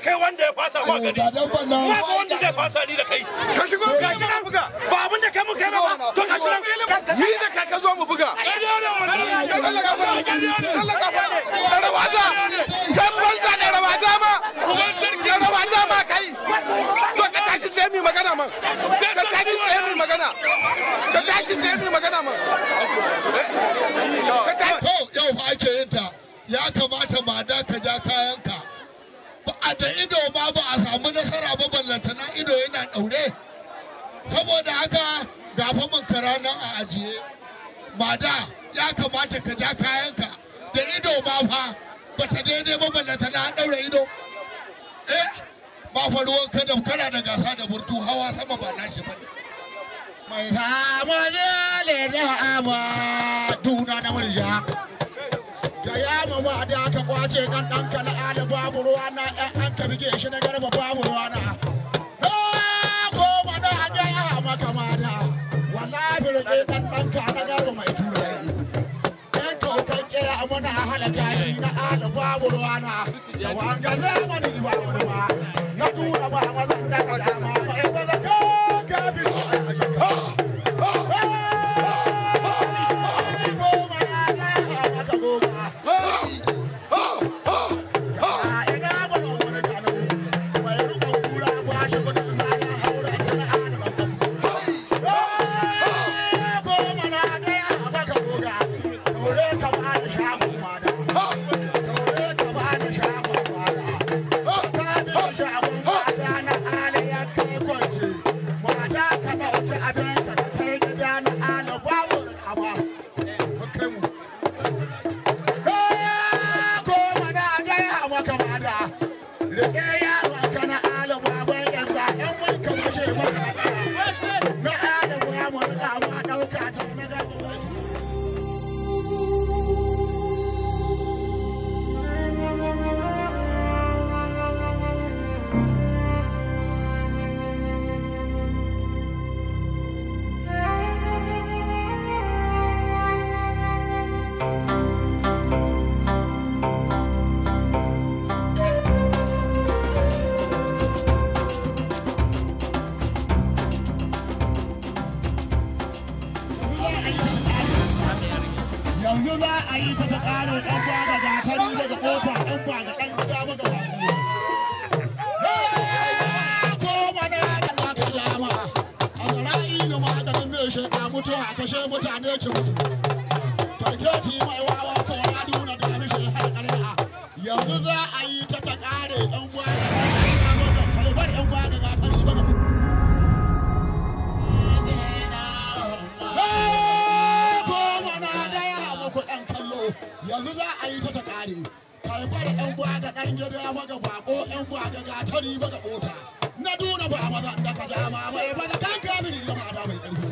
da kai wanda ya fasa ma gani ga wanda zai fasa ni da kai ka shigo ga shi nan buga ba abin da kai yi ba to ga shi nan ni da kai ka zo mu buga Allah ka fara Allah ka fara da da ma da ma kai to ka tashi sai magana man ka tashi sai magana ka tashi sai magana man eh? ka tashi yau ake yin ta ya kamata ma da ka ja kayan ka a da ido ma ba a samu nasara ba ballanta na ido yana ɗaure saboda haka gafa kara nan a ajiye mada ya kamata ka ja kayanka da ido ma fa ba ta daidai ba ballanta na ɗaure ido eh ba fa ka da kana da gasa da burtu hawa sama ba nashi ba mai samu dole da amma duna na mulja ka yama ma da aka kwace kan ɗanka na ala babu ruwa na ɗan an ka bige shi na garba babu ruwa na goma na hanyar yaha maka ma da wallahi rike ɗan ɗanka na garba mai tura yi ɗan kyautar ƙera muna halaka shi na ala babu ruwa na da wanga zamani ba wani ma na tura ba mazan daga dama fito a kashe mutane ki gudu tarkeci mai wawa ko ya nuna da abishe har ƙarya yanzu za a yi ta ta ƙare ɗan gwari kai bar ɗan gwari gasar shi ba da Ko muku kallo. yanzu za a yi ta ta kare karbar yan gwaga ɗan gida maga bako yan gwaga gatari ba da bota na duna ba maza da ka jama mai ba da kan kamiri da ma da mai ƙarfi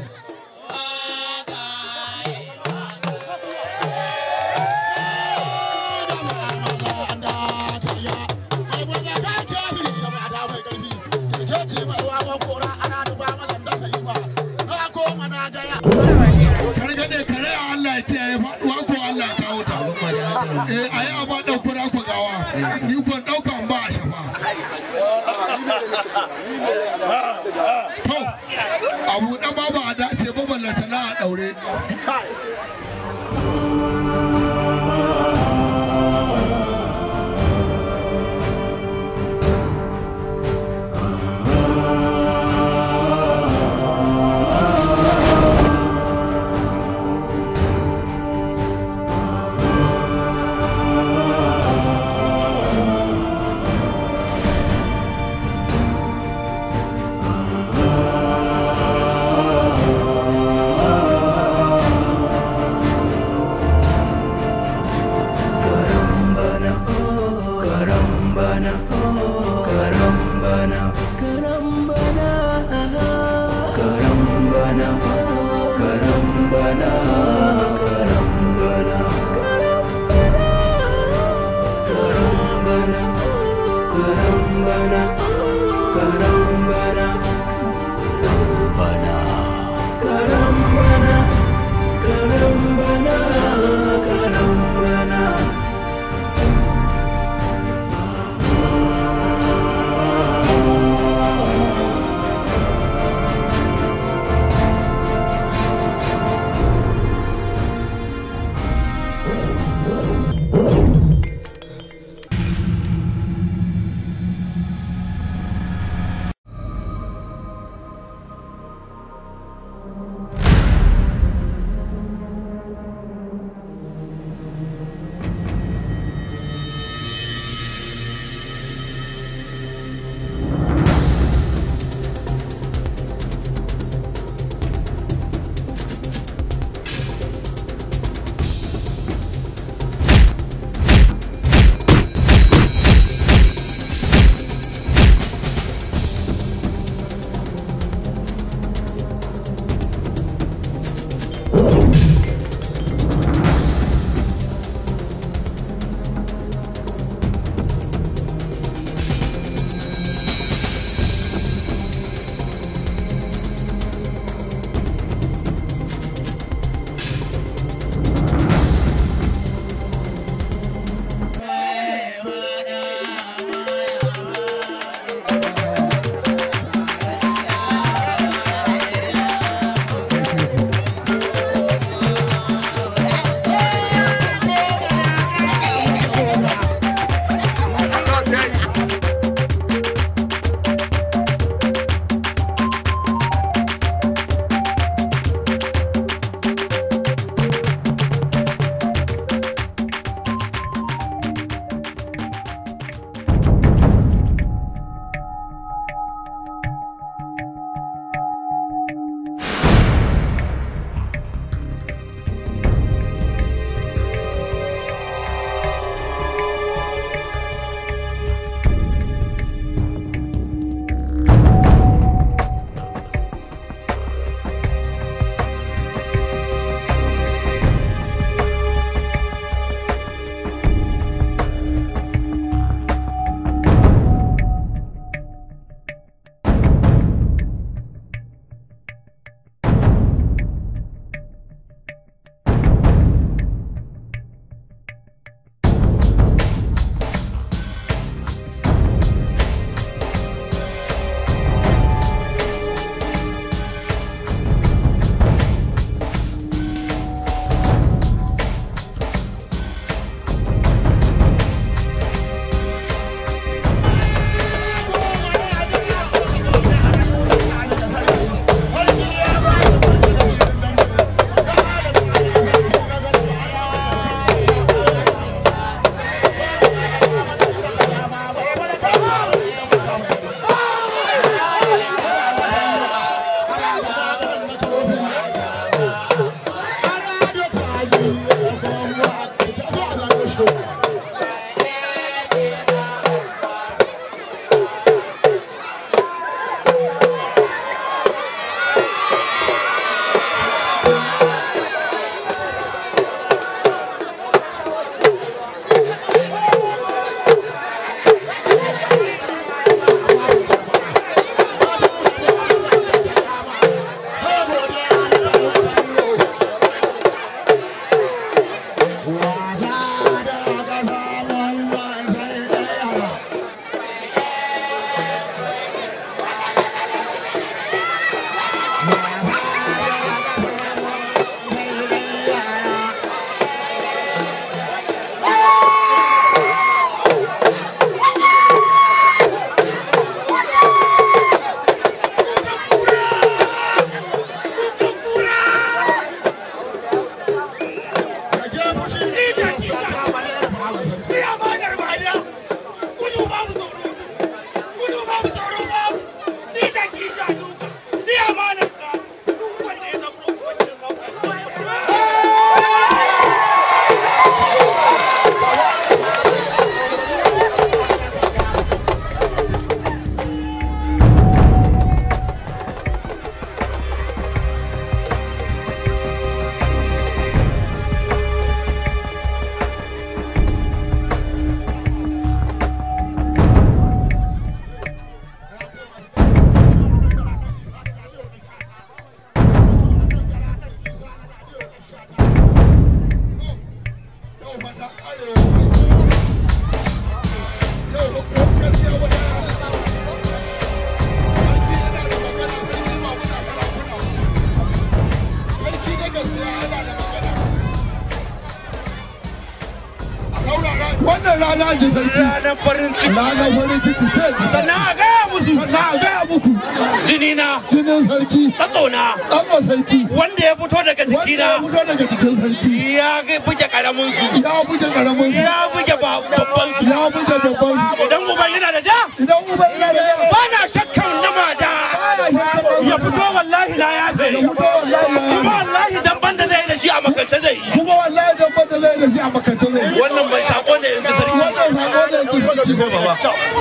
rana ki sarki ranar farin ciki farin ciki ce a musu sannan a muku jini na sarki tsatso na tsatso sarki wanda ya fito daga jiki na wanda ya fito daga jikin sarki ya karamin su ya buje karamin su ya babban su ya buge babban su idan uban yana da ja idan uban yana da ja ba na shakkan na mata ya fito wallahi na yafe ya fito wallahi a makance zai yi kuma wallahi dan zai da shi a makance zai wannan mai sako ne yanzu sarki wannan sako ne yanzu ko baba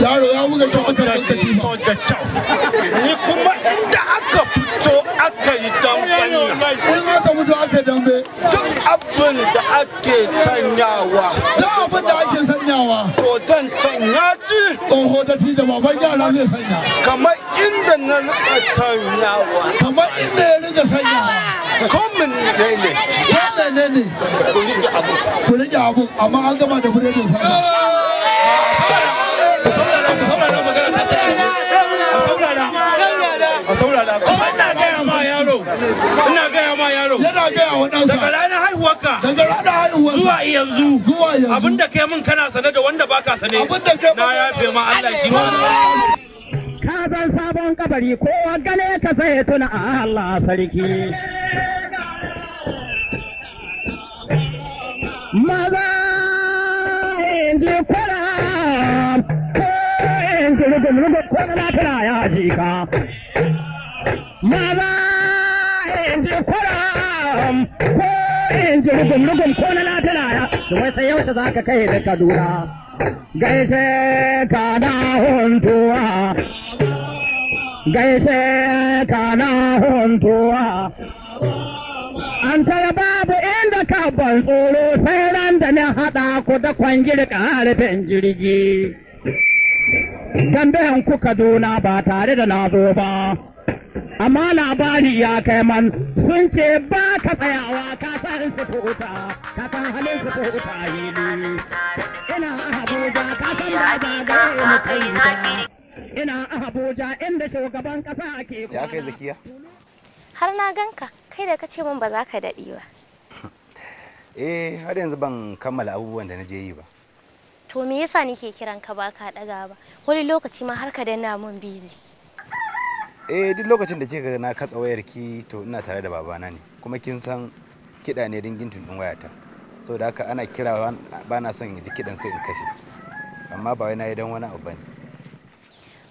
yaro ya buga kyautar da kyau ni kuma da aka fito yi damben nan. In aka mutu ake Duk abin da ake sanyawa. Duk da ake sanyawa. To dan canya ci. da da yara zai sanya. Kamar inda na rika sanyawa. Kamar inda ya rika sanyawa. Komin ne ne. Komin ne ne. Ku rike abu. Ku rike abu amma an gama da buredin sanya. saurara a saurara daga ranar haihuwarka zuwa yanzu abin da kai mun kana sane da wanda baka sane na yafe ma Allah shi ma ka san sabon kabari kowa gane ka sai tuna Allah sarki maza inji kwara ko inji rugun rugun kwana na tana ya jika maza inji ji kwaram ko in ji rugum ko na latilaya wai sai yau za ka kai da kaduna gaise ka na huntuwa gaise ka na huntuwa an tara babu inda ka ban tsoro sai ran da na haɗa ku da kwangiri ƙarfin jirgi tambayan ku Kaduna ba tare da nazo ba amma labari ya kai man sun ce ba ka tsayawa ka sa in su futa ka san halin su yi hili ina Abuja ka san ba ba ga ina kai ina Abuja inda shugaban kasa ke ya kai zakiya har na ganka kai da kace min ba za ka dadi ba eh har yanzu ban kammala abubuwan da na je yi ba to me yasa nake kiran ka baka daga ba wani lokaci ma har ka danna mun busy eh duk lokacin da kika ga na katsa wayar ki to ina tare da babana ne kuma kin san kida ne ringin din wayata saboda haka ana kira ba na son ji kidan sai in kashe amma ba wai na yi dan wani abu bane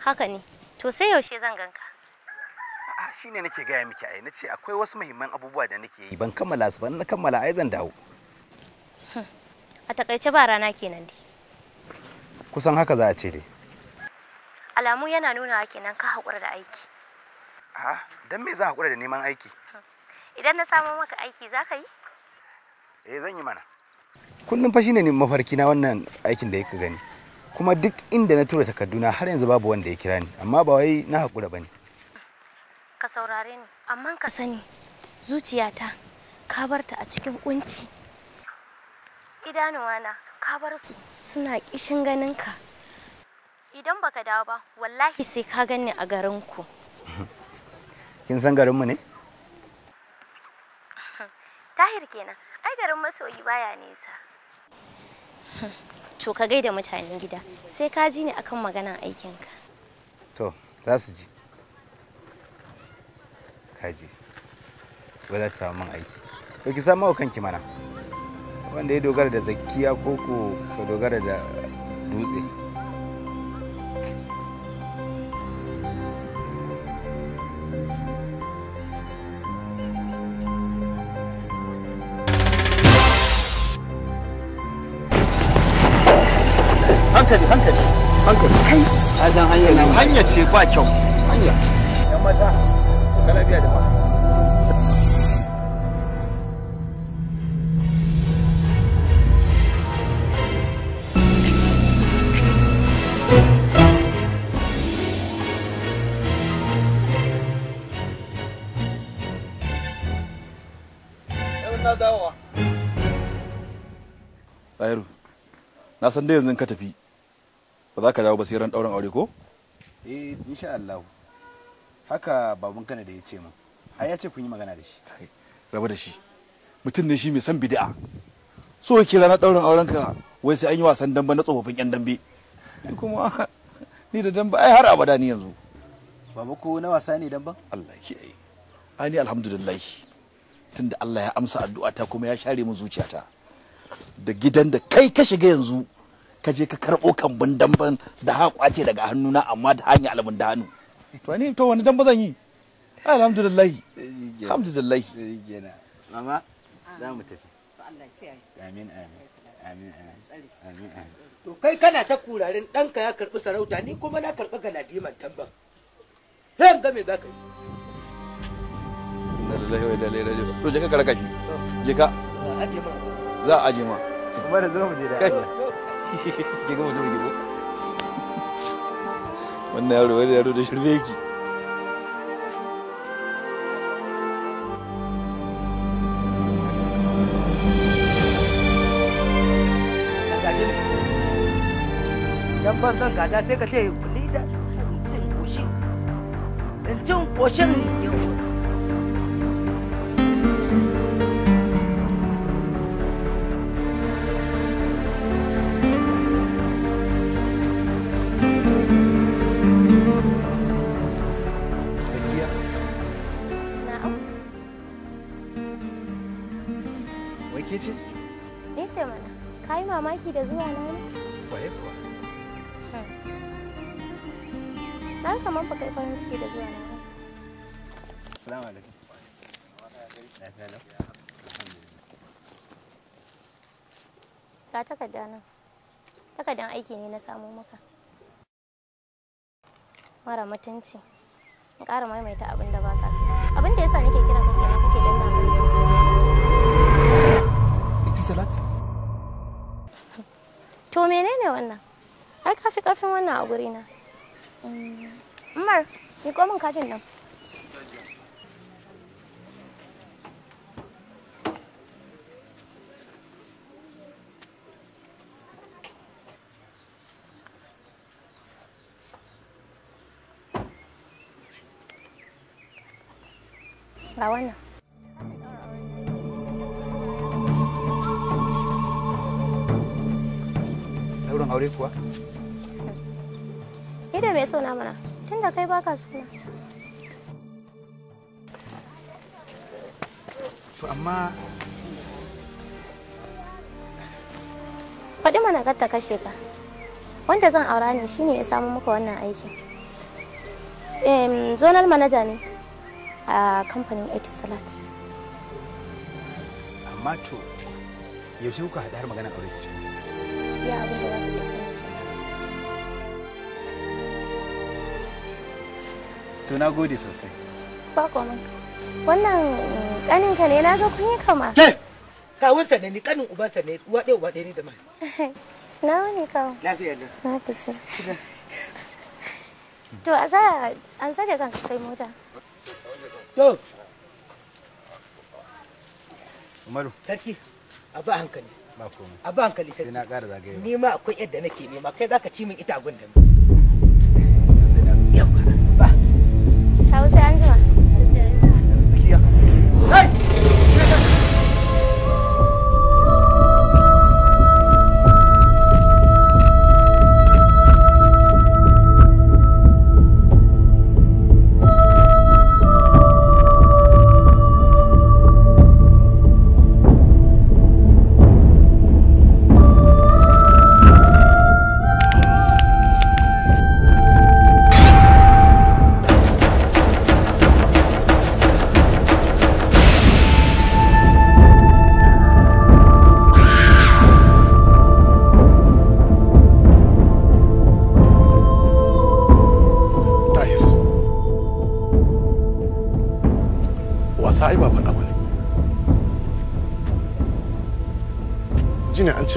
haka ne to sai yaushe zan ganka shine nake gaya miki ai nace akwai wasu muhimman abubuwa da nake yi ban kammala su ba na kammala ai zan dawo hmm. a takaice ba rana kenan dai kusan haka za a ce dai alamu yana nuna kenan ka haƙura da aiki a don me zan haƙura da neman aiki idan na samu maka aiki za ka yi eh zan yi mana kullum fashi ne ne mafarki na wannan aikin da yake gani kuma duk inda na tura takarduna har yanzu babu wanda ya kira ni amma ba wai na haƙura bane ka saurare ni amma ka sani zuciyata ka barta a cikin kunci idanuwana ka bar su suna kishin ganin ka. Idan baka dawo ba, wallahi sai ka gani a garin ku. Kin san garinmu ne? Tahir kenan, ai garin masoyi baya nesa. To ka gaida mutanen gida, sai ka ji ne akan maganan aikinka. To, za su ji. Kaji, ba za ta samu min aiki. ki samu kanki mana. wanda ya dogara da zakiya ko ko ka dogara da dutse hankali hankali hankali kai a hanya ce ba kyau hanya yan mata kana biya da ba. na san dai yanzu ka tafi ba za ka dawo ba sai ran ɗaurin aure ko eh insha Allah haka baban kana da ya ce min ai ya ce kun yi magana da shi rabu da shi mutum ne shi mai san bid'a so yake ranar ɗaurin auren ka wai sai an yi wasan damba na tsofaffin yan dambe kuma ni da damba ai har abada ni yanzu baba ko na wasa ne damba. Allah ki ai ai ni alhamdulillah tunda Allah ya amsa addu'a ta kuma ya share min zuciyata da gidan da kai ka shiga yanzu ka je ka karɓo kambun damban da ha kwace daga hannuna amma da hanyar alamun da hannu to ni to wani damba zan yi alhamdulillah alhamdulillah mama za mu tafi amin amin amin amin to kai kana ta kurarin ɗanka ya karɓi sarauta ni kuma na karɓi ganadiman tamban sai ga me za ka yi inna lillahi wa inna ilaihi raji'un to je ka karaka shi je ka za a aje ma kuma da zo mu je da ki ga mutum ki wannan yaro wani yaro da shirme ki dan ban son gada sai ka ce ni da cin koshin in cin koshin ce mana ka yi mamaki da zuwa na ne kwaye kuwa na hmm. kamar ba kai farin ciki da zuwa na ne salamu alaikum ga takarda nan takardan aiki ne na samu maka mara mutunci in ƙara maimaita abin da baka so abin da yasa nake kiran ka kenan kake danna mun Salat? To menene wannan? Ai ka fi karfin wannan a guri na. Mm. Umar, ni min katin nan. Ga wannan. aure kuwa? Ni da mai sona mana, tun da kai baka suna. To amma faɗi mana kar kashe ka. Wanda zan aura ne shine ya samu muka wannan aikin. Um, zonal manaja ne a kamfanin Eti Salat. Amma to yaushe kuka haɗa har maganar aure ke shi? iya abin da za ka iya sani kenan to na gode sosai ba komai wannan kanin mm, ka ne na ga kun yi kama ke kawunsa ne ni kanin ubansa ne uwa ɗaya uba ɗaya ne da mai na wani kawo lafiya da na ta ce to a sa an sace kanka kai mota to Umaru. Sarki, abu hankali. a ba hankali sai na ƙara zagaye ni ma akwai yadda nake nema kai zaka ci min ita abin da ba sai an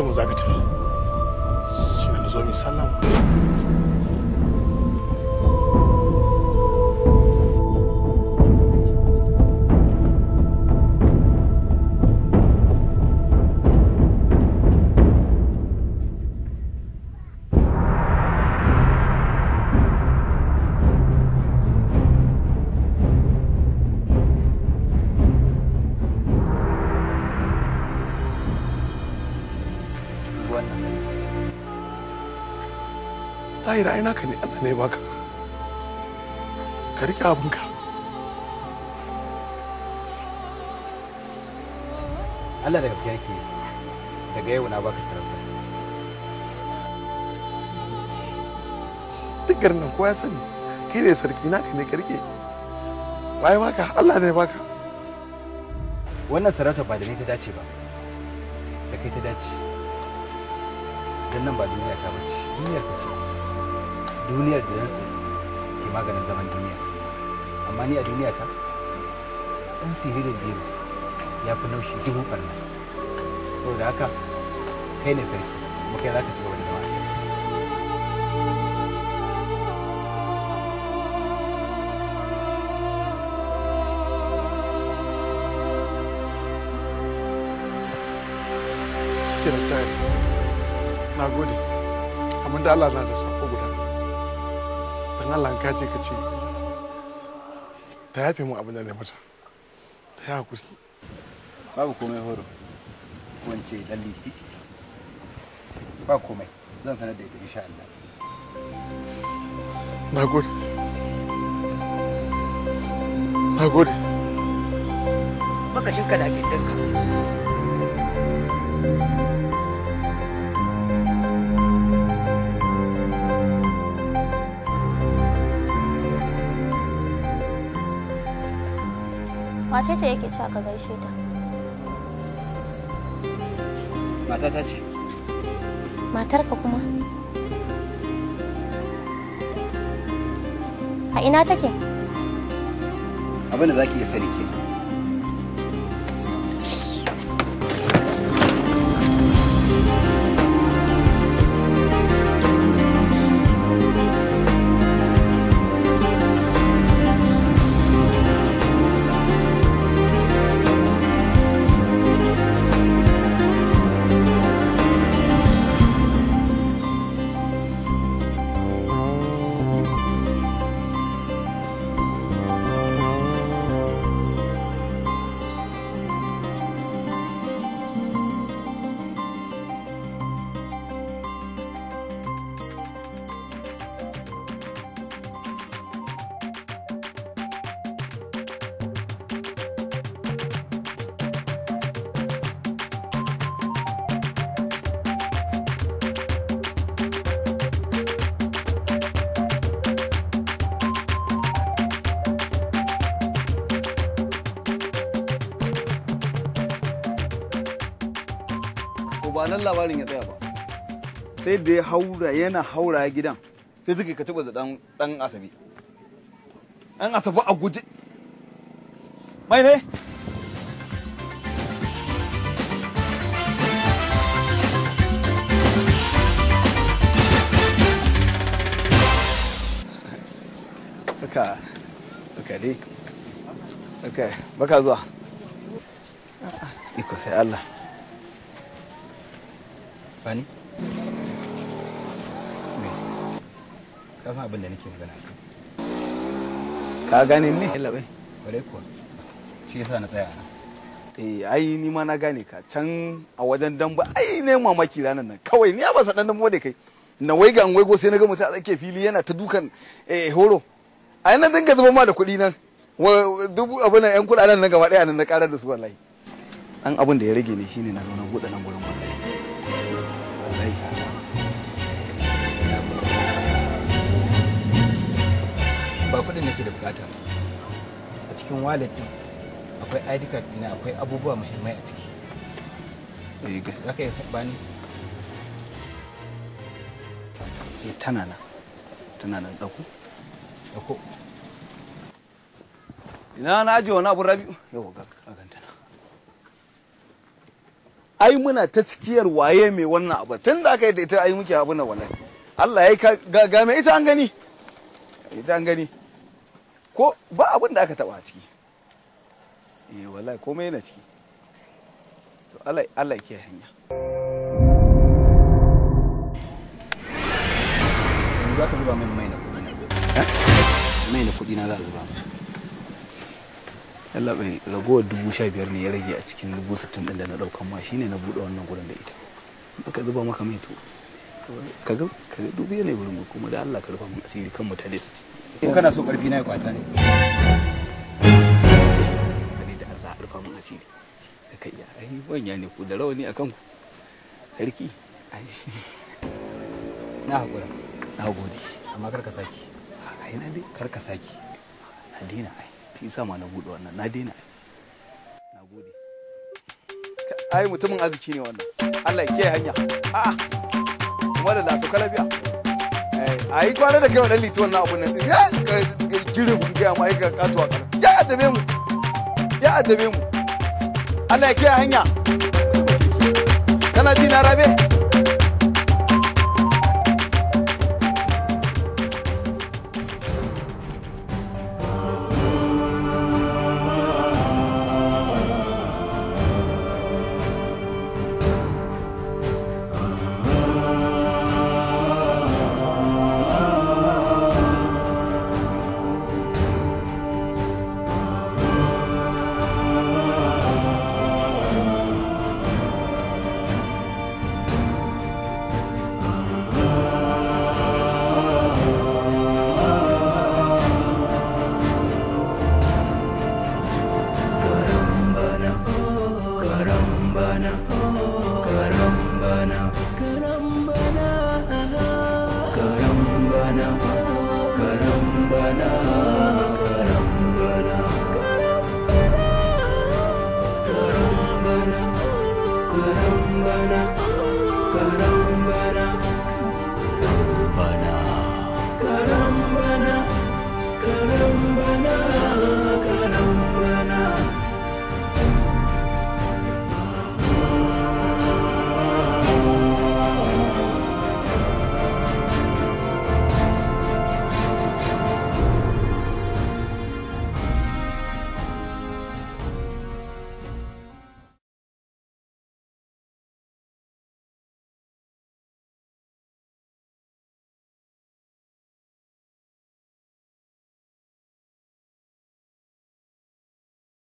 was I za yi ai naka ne Allah ne baka ka rike abinka Allah da gaskiya ke daga yau na baka sarauta duk garin nan kowa sani kai ne sarki naka ne ka rike waye baka Allah ne baka wannan sarauta ba da ni ta dace ba da kai ta dace don nan ba duniya ta bace duniya ka ce duniyar da zan ke maganin zaman duniya amma ni a duniya ta ɗan siririn biyu ya fi naushi dubu ɓarna saboda haka kai ne sarki kuma kai za ka ci gaba da zama na gode, amma da Allah na da sauƙi. in Allah ka ce ka ce ta yafe mu abin da ne mata ta yi hakuri babu komai horo wance dan liti ba komai zan sanar da ita insha Allah na gode na gode makashin ka da gidanka thank you wace ce yake cewa ka gaishe ta matata ce matarka kuma a ina take abinda zaki za ki labarin ya tsaya ba sai da ya haura yana haura gidan sai suka ka tuba da dan asabi an asabi a guje mai ne baka baka dai baka zuwa iko sai Allah gane ne labai bare kuwa shi yasa na tsaya nan eh ai ni ma na gane ka can a wajen damba ai ne mamaki ranar nan kawai ni ba sa dan damba da kai na waiga an waigo sai na ga mutum a tsakiyar fili yana ta dukan eh horo ai na dinga zuba ma da kuɗi nan dubu abin nan yan kuɗaɗen nan gaba ɗaya nan na karar da su wallahi dan abin da ya rage ne shine na zo na buɗe nan gurin wallahi wallahi ba kudin nake da bukata a cikin wallet din akwai id card dina akwai abubuwa muhimmai a ciki eh ga zaka iya bani eh tana nan tana nan dauko dauko ina na aje wani abu rabi yau ga ganta na ai muna ta cikiyar waye mai wannan abu tun da aka yi da ita ai muke abu na wallahi Allah ya ga mai ita an gani ita an gani ko ba abin da aka taba a ciki eh wallahi komai yana ciki to Allah Allah ya hanya za ka zuba min mai na kuɗi na eh? mai na kudi na za a zuba Allah bai ragowar dubu sha biyar ne ya rage a cikin dubu sittin ɗin da na ɗaukan ma shine na buɗe wannan gurin da ita aka zuba maka mai to ka ga dubi yanayi wurin kuma da Allah ka rufa mun asiri kan mutane su ci in kana so karfi na ya kwata ne da Allah rufa asiri da kai ya ai ne rawani akan na hakura na gode amma na dai kar ka saki na mutumin arziki ne wannan Allah ya kiyaye hanya a'a kuma da lafiya kalabiya a yi kwana da kai wannan lituwan wannan abun nan ya girin mu ga mu aika katuwa kana ya addabe mu ya addabe mu Allah ya kiyaye hanya kana ji na rabe